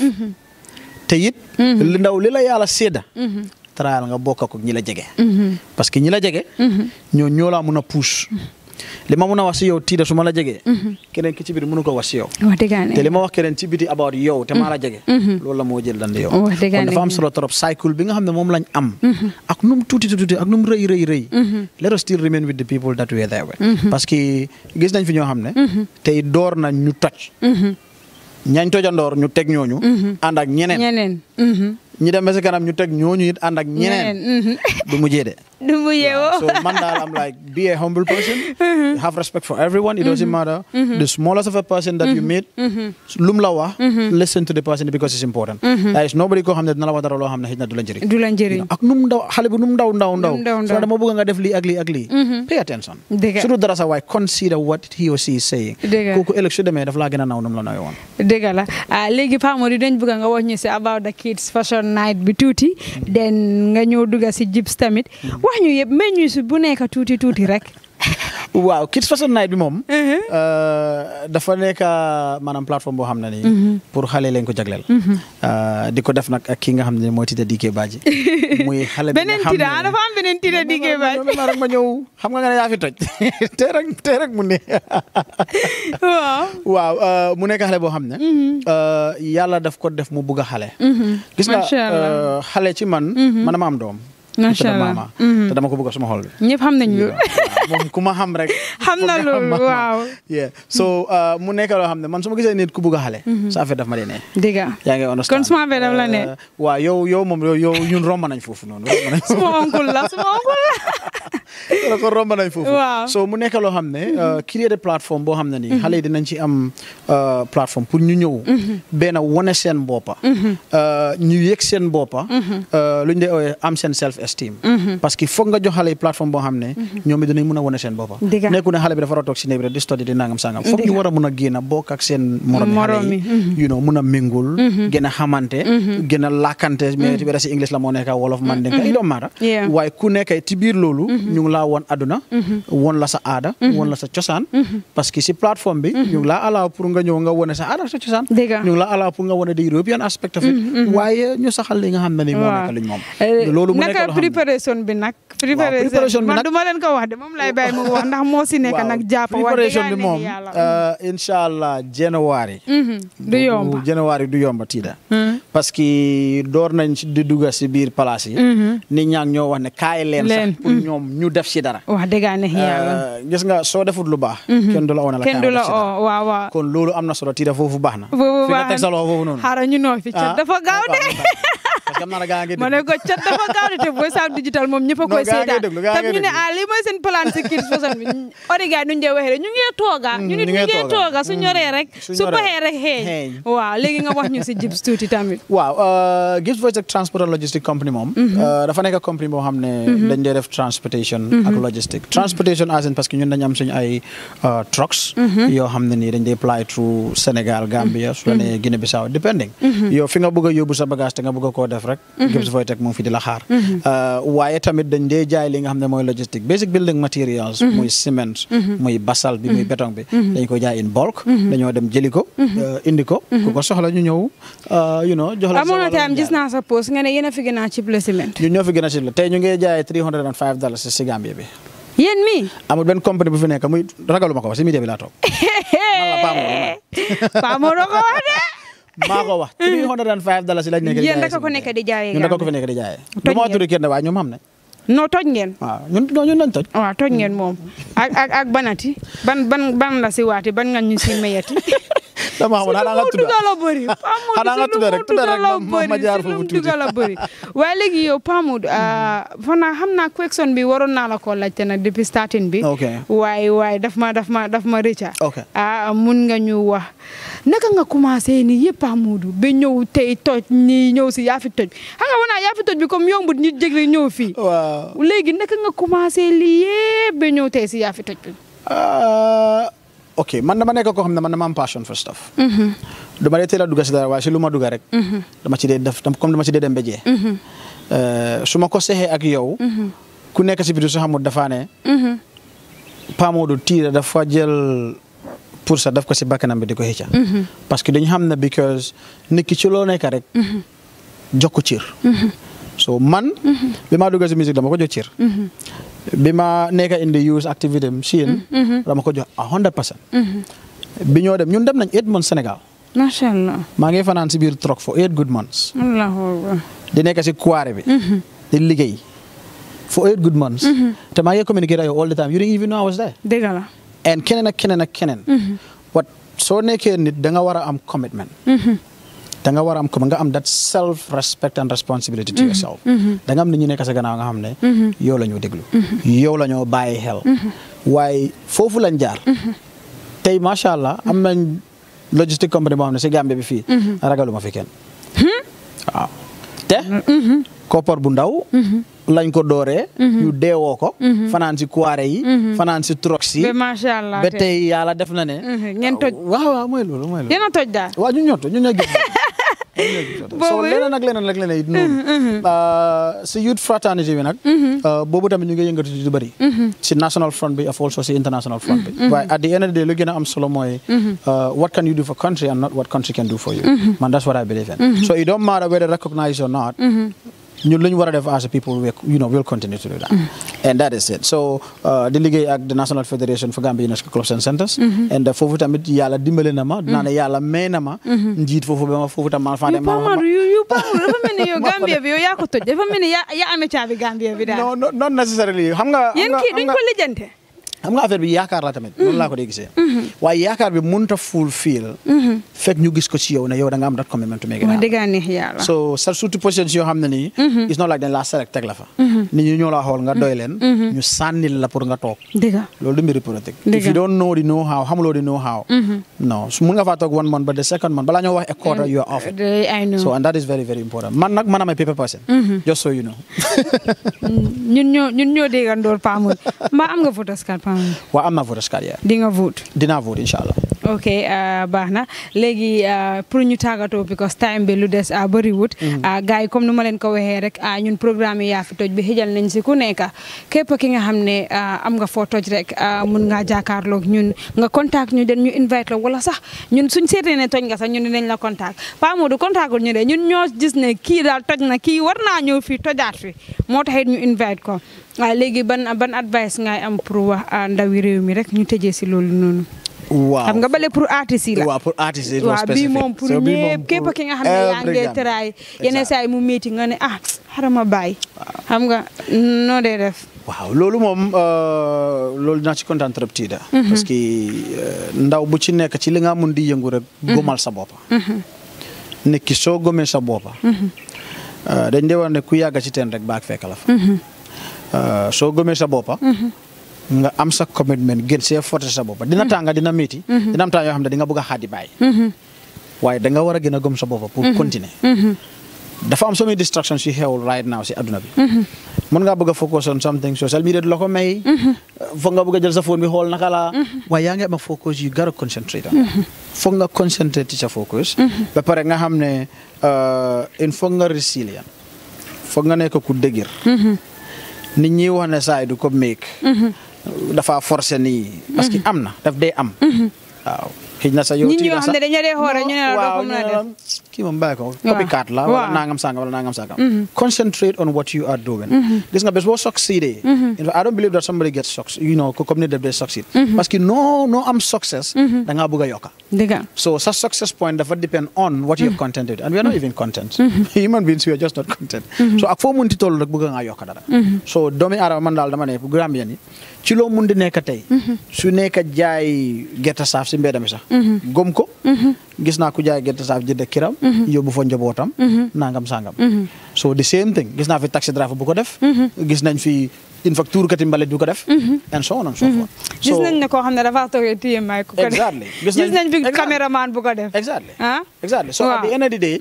te it. ndaw li la yàlla taraal nga bokk ak ñi la jege. Mm-hmm. parce que ñi la jege. Mm-hmm. ñoo ñoo laa mun a puus. Mm-hmm. li ma mun a wax si yow tiida keneen ki ci biir mënu ko te li wax keneen ci about yow te maa jege. loolu moo jël dandi yow. kon dafa am num tuuti tuuti let us still remain with the people that were there. parce que gis nañ fi ñoo xam ne. tey door nañ ñu toj. ñañ tojandoor ñu teg ñooñu. ànd ak ñeneen. ñi dem ba si kanam ñu teg ñooñu it ànd ak ñeneen. Mhm. du mujjee de. du mujjee woo so man daal am like be a humble person. Mhm. have respect for everyone. it doesn't mhm. matter. the smallest of a person that you meet. lu mu la wax. listen to the person because it's important. there is nobody koo xam ne dina la wax loo xam ne xëy na du la njëriñ. du la njëriñ ak nu mu ndaw xale bi nu mu ndaw ndaw ndaw. so def lii ak lii pay attention. dëgg surtout dara sax waaye consider what he or she is saying. dëgg a la nooy woon. dëgg la ah, léegi Pa Modou dañ bëgg night bi tuuti den mm-hmm. nga ñëw dugga si jibs tamit mm-hmm. wax ñu yëpp meññu si bu nekk tuuti tuuti rek waaw Kids Fashion Night bi moom. Mhm. Euh, dafa nekk euh, maanaam plateforme boo xam ne nii. Mhm. pour xale lañ ko jagleel. Mhm. Euh, di ko def nag ak nga xam ne mooy Tita Dike Badji. muy xale bi nga xam ne beneen Tita dafa am ma rek xam nga nga ne yaa toj tey mu ne. waaw. waaw nekk xale boo xam ne. yàlla def ko def mu bugg a xale. gis nga xale ci man. man ma am doom. macha allah te dama mm-hmm. ko bëgg sama xol bi. ñëpp ku ma xam rek. xam na loolu waaw. yeah so uh, mu nekk loo xam ne man su ma gisee nit ku bëgg a xale. Mm-hmm. sa affaire daf ma dee ne. dëgg yaa ngi understand kon suma affaire daf la ne. Uh, waaw yow yow moom so mu nekk loo xam ne. Uh, mm-hmm. créer boo xam ne nii. xale yi ci am plateforme pour ñu ñëw. benn seen boppa ñu lu ñu dee am seen self esteem mm-hmm. parce que foog nga jox xale yi boo xam ne mm-hmm. ñoom it dinañ mën a wane seen boppa nekku ne xale bi dafa war a si néeg bi di study di nangam sangam foog ñu war a a génn bokk ak seen morom yi mm-hmm. you a méngul gën a xamante gën a làkkante mais si english la moo wolof man dénka i doom maara waaye ku nekkay ci biir loolu ñu ngi laa aduna woon la sa aada woon la sa cosaan parce que si plateforme bi ñu ngi laa allow nga ñëw nga wane préparation bi nag. préparation bi nag man du ma leen ko wax de moom lay bàyyi mu wax ndax moo si nekk nag. jàpp waaw préparation bi moom euh, incha mhm, du yomba januari du tiida hmm. parce que door nañ di dugg si biir palaas yi. Mhm. nit ñaa ngi ñoo wax leen sax. pour hmm. ñoom ñu def ci dara. wax dëgg euh, yàlla. gis nga soo defut lu baax. Mhm. kenn du la oo na la kaay kon loolu am na solo tiida foofu baax na. foofu baax na fi ñu noo fi ca ah, dafa parce que am na la gaa ngi déglu ma ne ko cat dafa gaaw te Boy Sam digital moom ñëpp a koy seetaan tam ñu ne ah lii mooy seen plan si kids façon ñu ngee tooga mm, su mm, ñoree rek su baxee rek xeeñ waaw léegi nga wax si Gibbs tuuti tamit waaw euh, Gibbs Voice ak mhm. euh, mhm. transportation mhm. ak parce que ñun dañ am suñu ay euh, trucks yoo xam ne nii dañ dee ply through Sénégal Gambia su ne Guinée Bissau depending yow fi nga bëgg a yóbbu sa nga bëgg a def rek. Mhm. Gibbs Voytech mu ngi fi di la xaar. Mhm. Euh, waaye tamit dañ dee jaay li nga xam ne mooy logistique basic building materials. Mhm. muy ciment. muy basal bi muy béton bi. dañ ko jaay in bulk. dañoo dem jëli ko. Euh, indi ko ku ko soxla ñu ñëw. Euh, you know jox la amoon na tam gis naa sa post nga ne yéen a fi gën a cheap le ciment. ñun ñoo fi gën a cheap le tey ñu ngi jaay 305 dollars si Gambie bi. yéen mi amul benn compagnie bu fi nekk muy ragaluma ko si media bi laa toog. Paa Modou ko wax de. maa ko wax. three hundred and five dollars lañ nekk di jaayee yéen daka ko nekk di jaayee. ñun ngeen turu ah, ñun non ñun lañ toj. ngeen moom ak ak ak ban ban ban la si waati ban nga ñu si mayati. dama xamul xanaa nga tudd la bëri xanaa nga tudd rek tudd rek ma jaar foofu tuuti la bëri waaye léegi yow Pamod ah, foog naa xam naa question bi waroon naa la koo laajte nag depuis starting bi waaye waaye daf ma daf ma daf ma rëcca ah mun nga ñu wax naka nga commencé ni yëpp Pamod ba ñëw tey toj nii ñëw si yaa fi toj xam nga wanaa yaa fi toj bi comme yombut ñu jég rek ñëw fii waaw léegi naka nga commencé lii yëpp ba ñëw tey si yaa fi toj bi ah, ok man dama nekk koo xam ne man dama passion for stuff. Mm-hmm. dama dee teel a dugg si dara waaye si lu ma dugg rek. Mm-hmm. dama ci dee def comme mm-hmm. euh, su ma ko seexee ak yow. ku nekk si biir su xamul dafaa ne. Paamodu tiira dafa jël pour daf ko si bakkanam bi di ko xëcca. parce que dañu xam ne because nit ki ci loo nekk rek. jox ciir. so man. bi maa dugg si musique dama ko jox ciir. bi ma nekk in the US activité am Chine. Mm-hmm, mm-hmm. dama ko jox à 100% mm-hmm. bi ñoo dem ñun dem nañ eight months Sénégal. maa ngi fanaan si biir troc for eight good months. di nekk si kuwaare bi. di liggéey for eight good months. te maa ngi communiqué yow all the time you didn't even know I was there. dëgg la and kenen a keneen a keneen. wat soo nekkee nit da nga war a am commitment. da nga war a am comme nga am that self respect and responsibility to mm-hmm. yourself. Mm-hmm. da nga am ni ñu nekk mm-hmm. la ñoo déglu. yow la ñoo bàyyi xel. waaye foofu lañ jaar. tey macha allah am nañ logistique company boo xam ne si Gambie bi fii. ragaluma fi kenn. Hmm? te. koppar bu ndaw. lañ ko dooree. ñu deewoo fanaan si kuwaare fanaan si trox yi. macha allah ba tey yàlla def ne. ngeen ah, toj waaw waaw mooy a toj ñu ñoo toj ñu boobu leneen ak leneen ak leneen it noonu. Mm-hmm, mm-hmm. Ah, si youth fraternity bi nag. Mm-hmm. Ah, boobu tamit ñu ngi yëngatu ci lu bëri. si national front bi of also si international front bi. waaye at the end of the day lu a am solo ah, what can you do for country and not what country can do for you. man that's what I believe in. so it don't matter whether recognized or not. ñu war a def as a people we you know will continue to do that. Mm-hmm. and that is it so uh, di a ak National Federation for Gambia UNESCO clubs and centres. Mm-hmm. and uh, foofu tamit yàlla dimbale ma. dinaa mm-hmm. ne yàlla may na ma. njiit foofu ba ma foofu tam maa faa dem. maa ma yu Pammaru dafa yaa ko toj dafa yaa yaa amee caabi bi daal. non kii duñ ko lijjante. xam nga affaire bi yaakaar la tamit. noonu laa ko dee gisee. Mm-hmm. waaye yaakaar bi mënut a fulfill. Mm-hmm. fekk ñu gis ko ci yow ne yow da nga am that commitment to make it happen. so sa surtout position yoo xam ne nii. Mm-hmm. it's not like dañ laa select teg la fa. nit ñi ñoo la xool nga doy ñu sànnil la pour nga toog. dëgg la loolu mbiri politique. dëgg la if know the know how xamuloo di know how. mun nga faa toog one month ba the second month balaa ñoo wax a quarter you are off man nag man am a paper person. just so you know. Mm, ñun ñoo ñun ñoo waaw am na voteuse card yaa. di nga vote. dinaa vote incha allah. ok euh, baax na léegi euh, pour ñu tàggatoo because time bi des euh, bëriwut. Mhm. gars yi comme nu ma leen ko waxee rek ñun programme yi toj bi xijal nañ si ku nekk képp ki nga xam ne am nga foo toj rek mun ngaa jàkkaarloog ñun nga contact ñu den ñu invite la wala sax ñun suñ seetee ne toj nga sax ñun dinañ la contact Pa Modou contactul ñu de ñun ñoo gis ne kii daal toj na kii war na ñëw fii tojaat fi moo taxit ñu invite ko ndawi réew mi rek ñu tëjee si loolu noonu. waaw xam nga bale pour artistes yi la. waaw pour artistes yi waaw bii moom pour ñëpp képp mu métti nga ne ah xaaral ma bàyyi. nga noo dee def. waaw loolu moom euh, loolu naa ci kontaan trop tiida mhm. parce euh, ndaw bu ci nekk ci li nga mu di yëngu rek. Mhm. gomal sa bopp. Mhm. nekki soo gomee sa bopp. Euh, dañ dee wax ne ku yàgg ci teen rek baag fekk la fa. soo gomee sa bopp. nga am sa commitment gën see forcer sa bopp dina mm-hmm. tànga dina métti. Mm-hmm. dina am temps yoo ne di nga bëgg a xaadi bàyyi. Mm-hmm. waaye da nga war a gën a gëm sa bopp pour continuer. dafa am so many distractions yu xewul right now si adduna bi. mën ngaa bëgg a focus on something social media du la ko may. foog nga bëgg a jël sa phone bi xool naka la. waaye yaa ngi am a focus yu gara concentrate on. foog nga concentrate ci sa focus. ba pare nga xam ne uh, il faut nga resilient. foog nga nekk dafa forcé ni parce que am na daf am. Mm-hmm. waaw xëy na sa yow nit ñoo xam ne dañu lay xool ñu ne la doo ko mën a def kii moom bàyyi ko copycat la wala nangam sangam wala nangam sangam mm-hmm. concentrate on what you are doing mm-hmm. gis nga bés boo succeed mm-hmm. in fact I don't believe that somebody gets success you know comme ni def day succeed parce que noo noo am success da ngaa bëgg a yokka dëgg so sa success point dafa depend on what you're content with and we are not even content human beings we are just not content so ak foo munti toll rek bëgg ngaa yokka dara so doomi aadama man daal dama ne Gambien yi ci loo mun di nekk tey su nekk jaay gerte saaf si mbedd mi sax Mm-hmm. gom ko mm-hmm. gis naa ku jaay gerte saaf jënd kiram mm-hmm. yobu fa njabootam nangam sangam so the same thing gis naa fi taxi driver bu ko def gis nañ fi in fact tuurkati mbalit du ko def and so on and so forth gis ne xam ne dafa toogee téye maay ku ko def exactly gis nañ bu ko def exactly ah? exactly so at the end of the day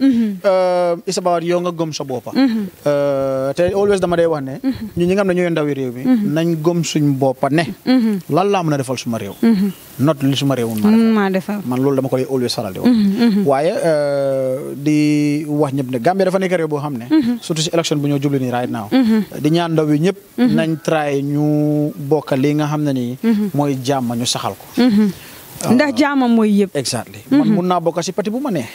uh, it's about yow nga gëm sa boppa uh, te always dama day wax ne ñu ñi nga ne ñooy ndawi réew mi nañ gëm suñ boppa ne lan laa mën a defal suma réew not li suma réew mm, maa defar man loolu dama koy always faral di wax mm-hmm, mm-hmm. waaye euh, di wax ñëpp ne Gambia dafa nekk réew boo xam ne mm-hmm. surtout si élection bu ñoo jubli nii right now di ñaan ndaw yi nañ try ñu bokka li nga xam ne nii mooy jàmm ñu saxal ko euh, ndax jàmm mooy yëpp exactly man mun naa bokka si parti bu ma nee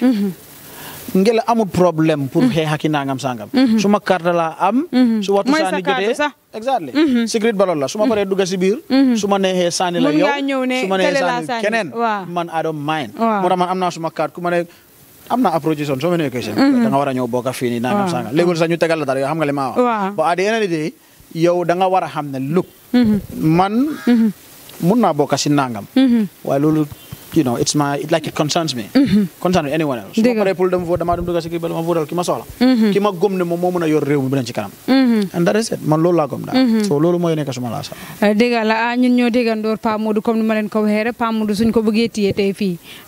ngela amul problème pour mhm. xeex ak i nangam mhm. su ma carte laa am. Mhm. su waxtu saani jotee exactly secret ba loolu la su ma paree dugg si biir. su ma neexee saani la yow su ma neexee saani keneen man I don't mind. moo tax man am naa suma carte ku ma ne am na approche son soo many question da nga war a ñëw bokk a fii nii nangam sangam léegi sax ñu tegal la dara yoo xam nga ma wax ba at the end yow da nga war a xam ne look man mun naa bokk si nangam waaye you know it's my it like it concerns me. Mm-hmm. concerns me anyone else. dëgg la su dem vote damaa dem dugg si kii ba dama votal ki ma soxla. Mm-hmm. ki ma gëm a yor réew mi bu leen mm-hmm. and that is it man loolu laa gëm so loolu mooy nekk suma laa sax. Eh, dëgg ah, ñun ñoo déggandoor Pa Modou comme ni ma ko waxee rek Pa ko bëggee téye tey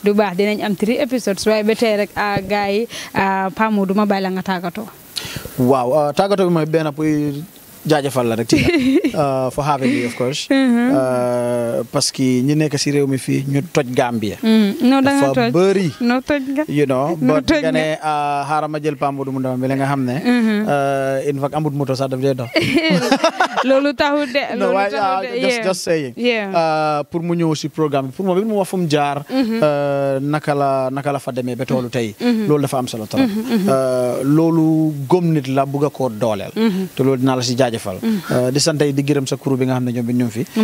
du baax dinañ am three episodes waaye ba tey rek ah, gars yi ah, Pa ma bàyyi la nga tàggatoo. waaw tàggatoo jaajëfal la rek ci euh, for having me of course uh-huh. euh, parce que ñu nekk si réew mi fii ñu toj Gambia mm. dafa bëri no toj nga you know but nga ne ah, xaaral ma jël pambu mu ndam bi la nga xam ne uh-huh. euh, in fact amut moto sa daf dee dox loolu taxul de loolu taxul ah, pour mu ñëw si programme bi pour moom mu wax fu mu jaar uh-huh. naka la naka la fa demee ba toolu tey loolu dafa am solo trop loolu gëm nit la bugg a koo dooleel loolu dinaa la si jaajëfal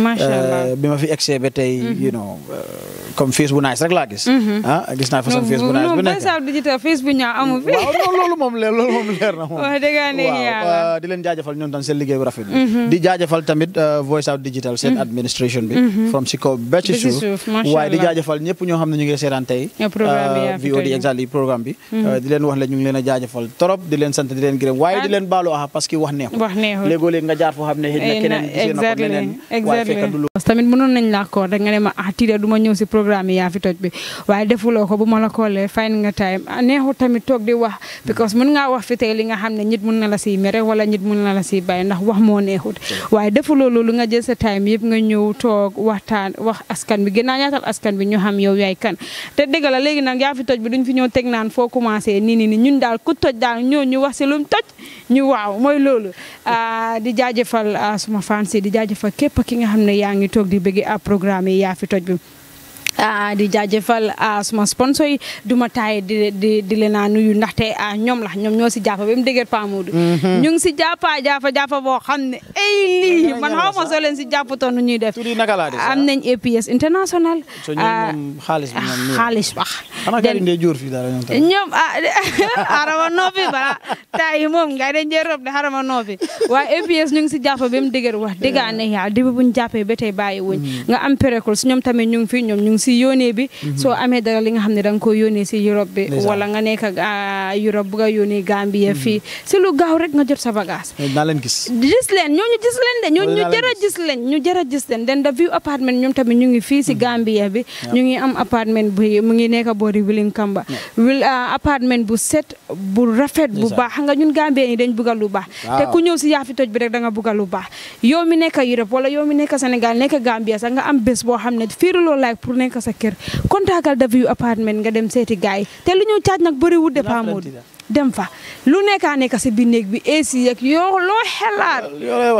Euh, di euh, ma fi egsee ba tey mhm. you know euh, comme face bu nice rek laa gis mhm. ah gis naa façon face bu nice bu nekk non digital face bu ñaaw amu fi waaw loolu moom leer loolu moom leer na moom wax dëgg yàlla di leen jaajëfal ñoom tam seen liggéey bu rafet bi mhm. di jaajëfal tamit voice out digital seen administration bi from si kaw ba di jaajëfal ñëpp ñoo xam ne ñu ngi tey VOD exactly programme bi di leen wax la ñu leen a jaajëfal trop di leen sant di leen gërëm waaye di leen baalu ah parce que wax neexul léegoo léeg nga jaar foo xam ne xëy na keneen gisee na ko leneen waaye fekk du lu tamit mënoon nañ laa koor rek nga ne ma ah tiida du ma ñëw si programme yi yaa fi toj bi waaye defuloo ko bu ma la koolee fayn nga time ah, neexu tamit toog di wax because mën ngaa wax fi tey li nga xam ne nit mën na la siy mere wala nit mën na la siy bàyyi ndax wax moo neexut waaye defuloo loolu nga jël sa time yëpp nga ñëw toog waxtaan wax askan bi gën a yaatal askan bi ñu xam yow yaay kan te dëgg la léegi nag yaa fi toj bi duñ fi ñëw teg naan foo commencé nii nii nii ñun daal ku toj daal ñoo ñu wax si lu mu toj ñu waaw mooy loolu ah, di jaajëfal ah, suma fans yi di jaajëfal képp ki nga xam ne yaa ngi toog di bëgg a ah, programme yi yaa fi toj bi Ah, di jaajëfal ah, suma sponsor yi du ma taay di di di leen a nuyu ndaxte ah, la ñoom ñoo si jàpp ba mu dëgër Pa Modou mhm. ñu ngi si jàppa jàppa jàppa boo xam ne ay lii man xaw ma soo leen si jàppatoon nu ñuy def am nañ APS international a xaalis bax ñoom ah xarama noofi bala taay moom nga de njee rob de xarama noofi waaye APS ñu ngi si jàppa ba mu dëgër wax dëgg ne yaa dibi buñ jàppee ba tey bàyyi wuñ mm-hmm. nga am pérékul si ñoom tamit ñu ngi fi ñoom si yónnee bi mhm. soo amee dara li nga xam ne da nga koo yónnee si Europe bi wala nga nekk ah, Europe bu nga yónnee Gambia mhm. fii si lu gaaw rek nga jot sa bagage eh, naa leen gis gis leen ñooñu gis leen de ñu ñu jara gis leen ñu jara gis leen den da view appartement ñoom tamit ñu ngi fii si mhm. Gambia bi ñu ngi am appartement bi mu ngi nekk boori Willing Kamba wil appartement ah, bu set bu rafet bu baax xam nga ñun Gambia yi dañ bëgg lu baax te ku ñëw si yaafi toj bi rek da nga bëgg lu baax yow mi nekk Europe wala yow mi nekk Sénégal nekk Gambia sax nga am bés boo xam ne fiiruloo like pour nekk nekk sa kër contactal The View Apartment nga dem seeti gars yi te lu ñu caaj nag bëriwul de Pa Modou dem fa lu nekkaa nekk si biir bi AC yeeg yoo loo xelaat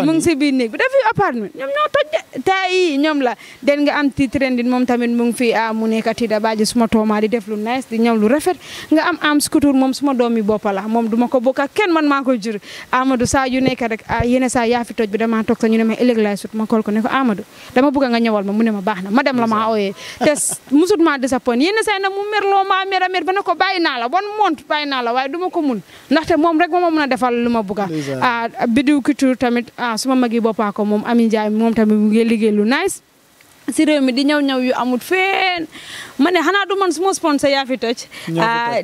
mu si biir bi dafi appartement ñoom ñoo toj de taay yi ñoom la den nga am ti trendin moom tamit mu ngi fi a ah, mu nekk da baaji suma tooma di def lu nice di ñëw lu rafet nga am am scooter moom suma doomi boppa la moom duma ko bokk ak kenn man maa ko jur Amadou saa yu nekk rek ah, a yene saa yaa toj bi damaa toog sa ñu ne ma ëllëg laay sut ma kool ko ne ko Amadou dama bëgg nga ñëwal ma mu ne ma baax na ma dem la maa ooyee te musut maa disappoint yene saa na mu a ma ko mun ndaxte moom rek moo ma mun defal lu ma bugg a. Ah, biddiw culture tamit ah suma magi boppaa ko moom Ami Ndiaye moom tamit mu ngi lu nice. si réew mi di ñaw ñaw yu amul fenn ma ne xanaa du man suma sponsor yaa fi ah, toj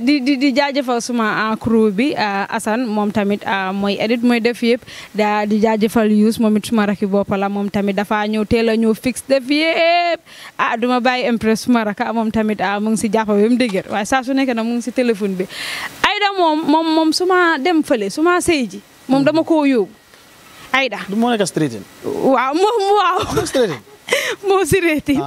di di di jaajëfal suma ah, crew bi ah, Assane moom tamit mooy edit mooy def yëpp da di jaajëfal Youss moom it suma raki boppa moom tamit dafa ñëw teel a ñëw fixe def yëpp ah duma bàyyi impress suma raka moom tamit mu ngi si jàppa ba mu dëgër su nekk nag mu ngi si téléphone bi Aïda moom moom moom suma dem fële suma sëy moom dama ko yóbbu Aïda du moo nekk waaw moo sireetin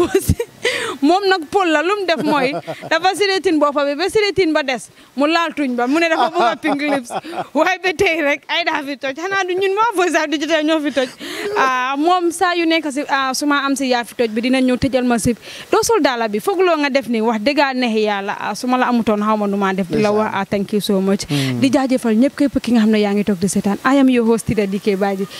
moo si ah, moom nag pol la lu def mooy dafa sireetin boppa bi ba sireetin ba des mu laal tuñ ba mu ne dafa bëgg a pink lips tey rek ay daa fi toj xanaa du ñun moo Voice of Digital ñoo fi toj ah, moom saa yu nekk si ah, suma am si yaa fi toj bi dina ñëw tëjal ma si doo sol daala bi foog loo nga def ni wax dëgg neex yàlla a ma la amutoon xaw ma nu maa def di la wax thank you so much hmm. di jaajëfal ñëpp képp ki nga xam ne yaa ngi toog di seetaan I am your host Tida DK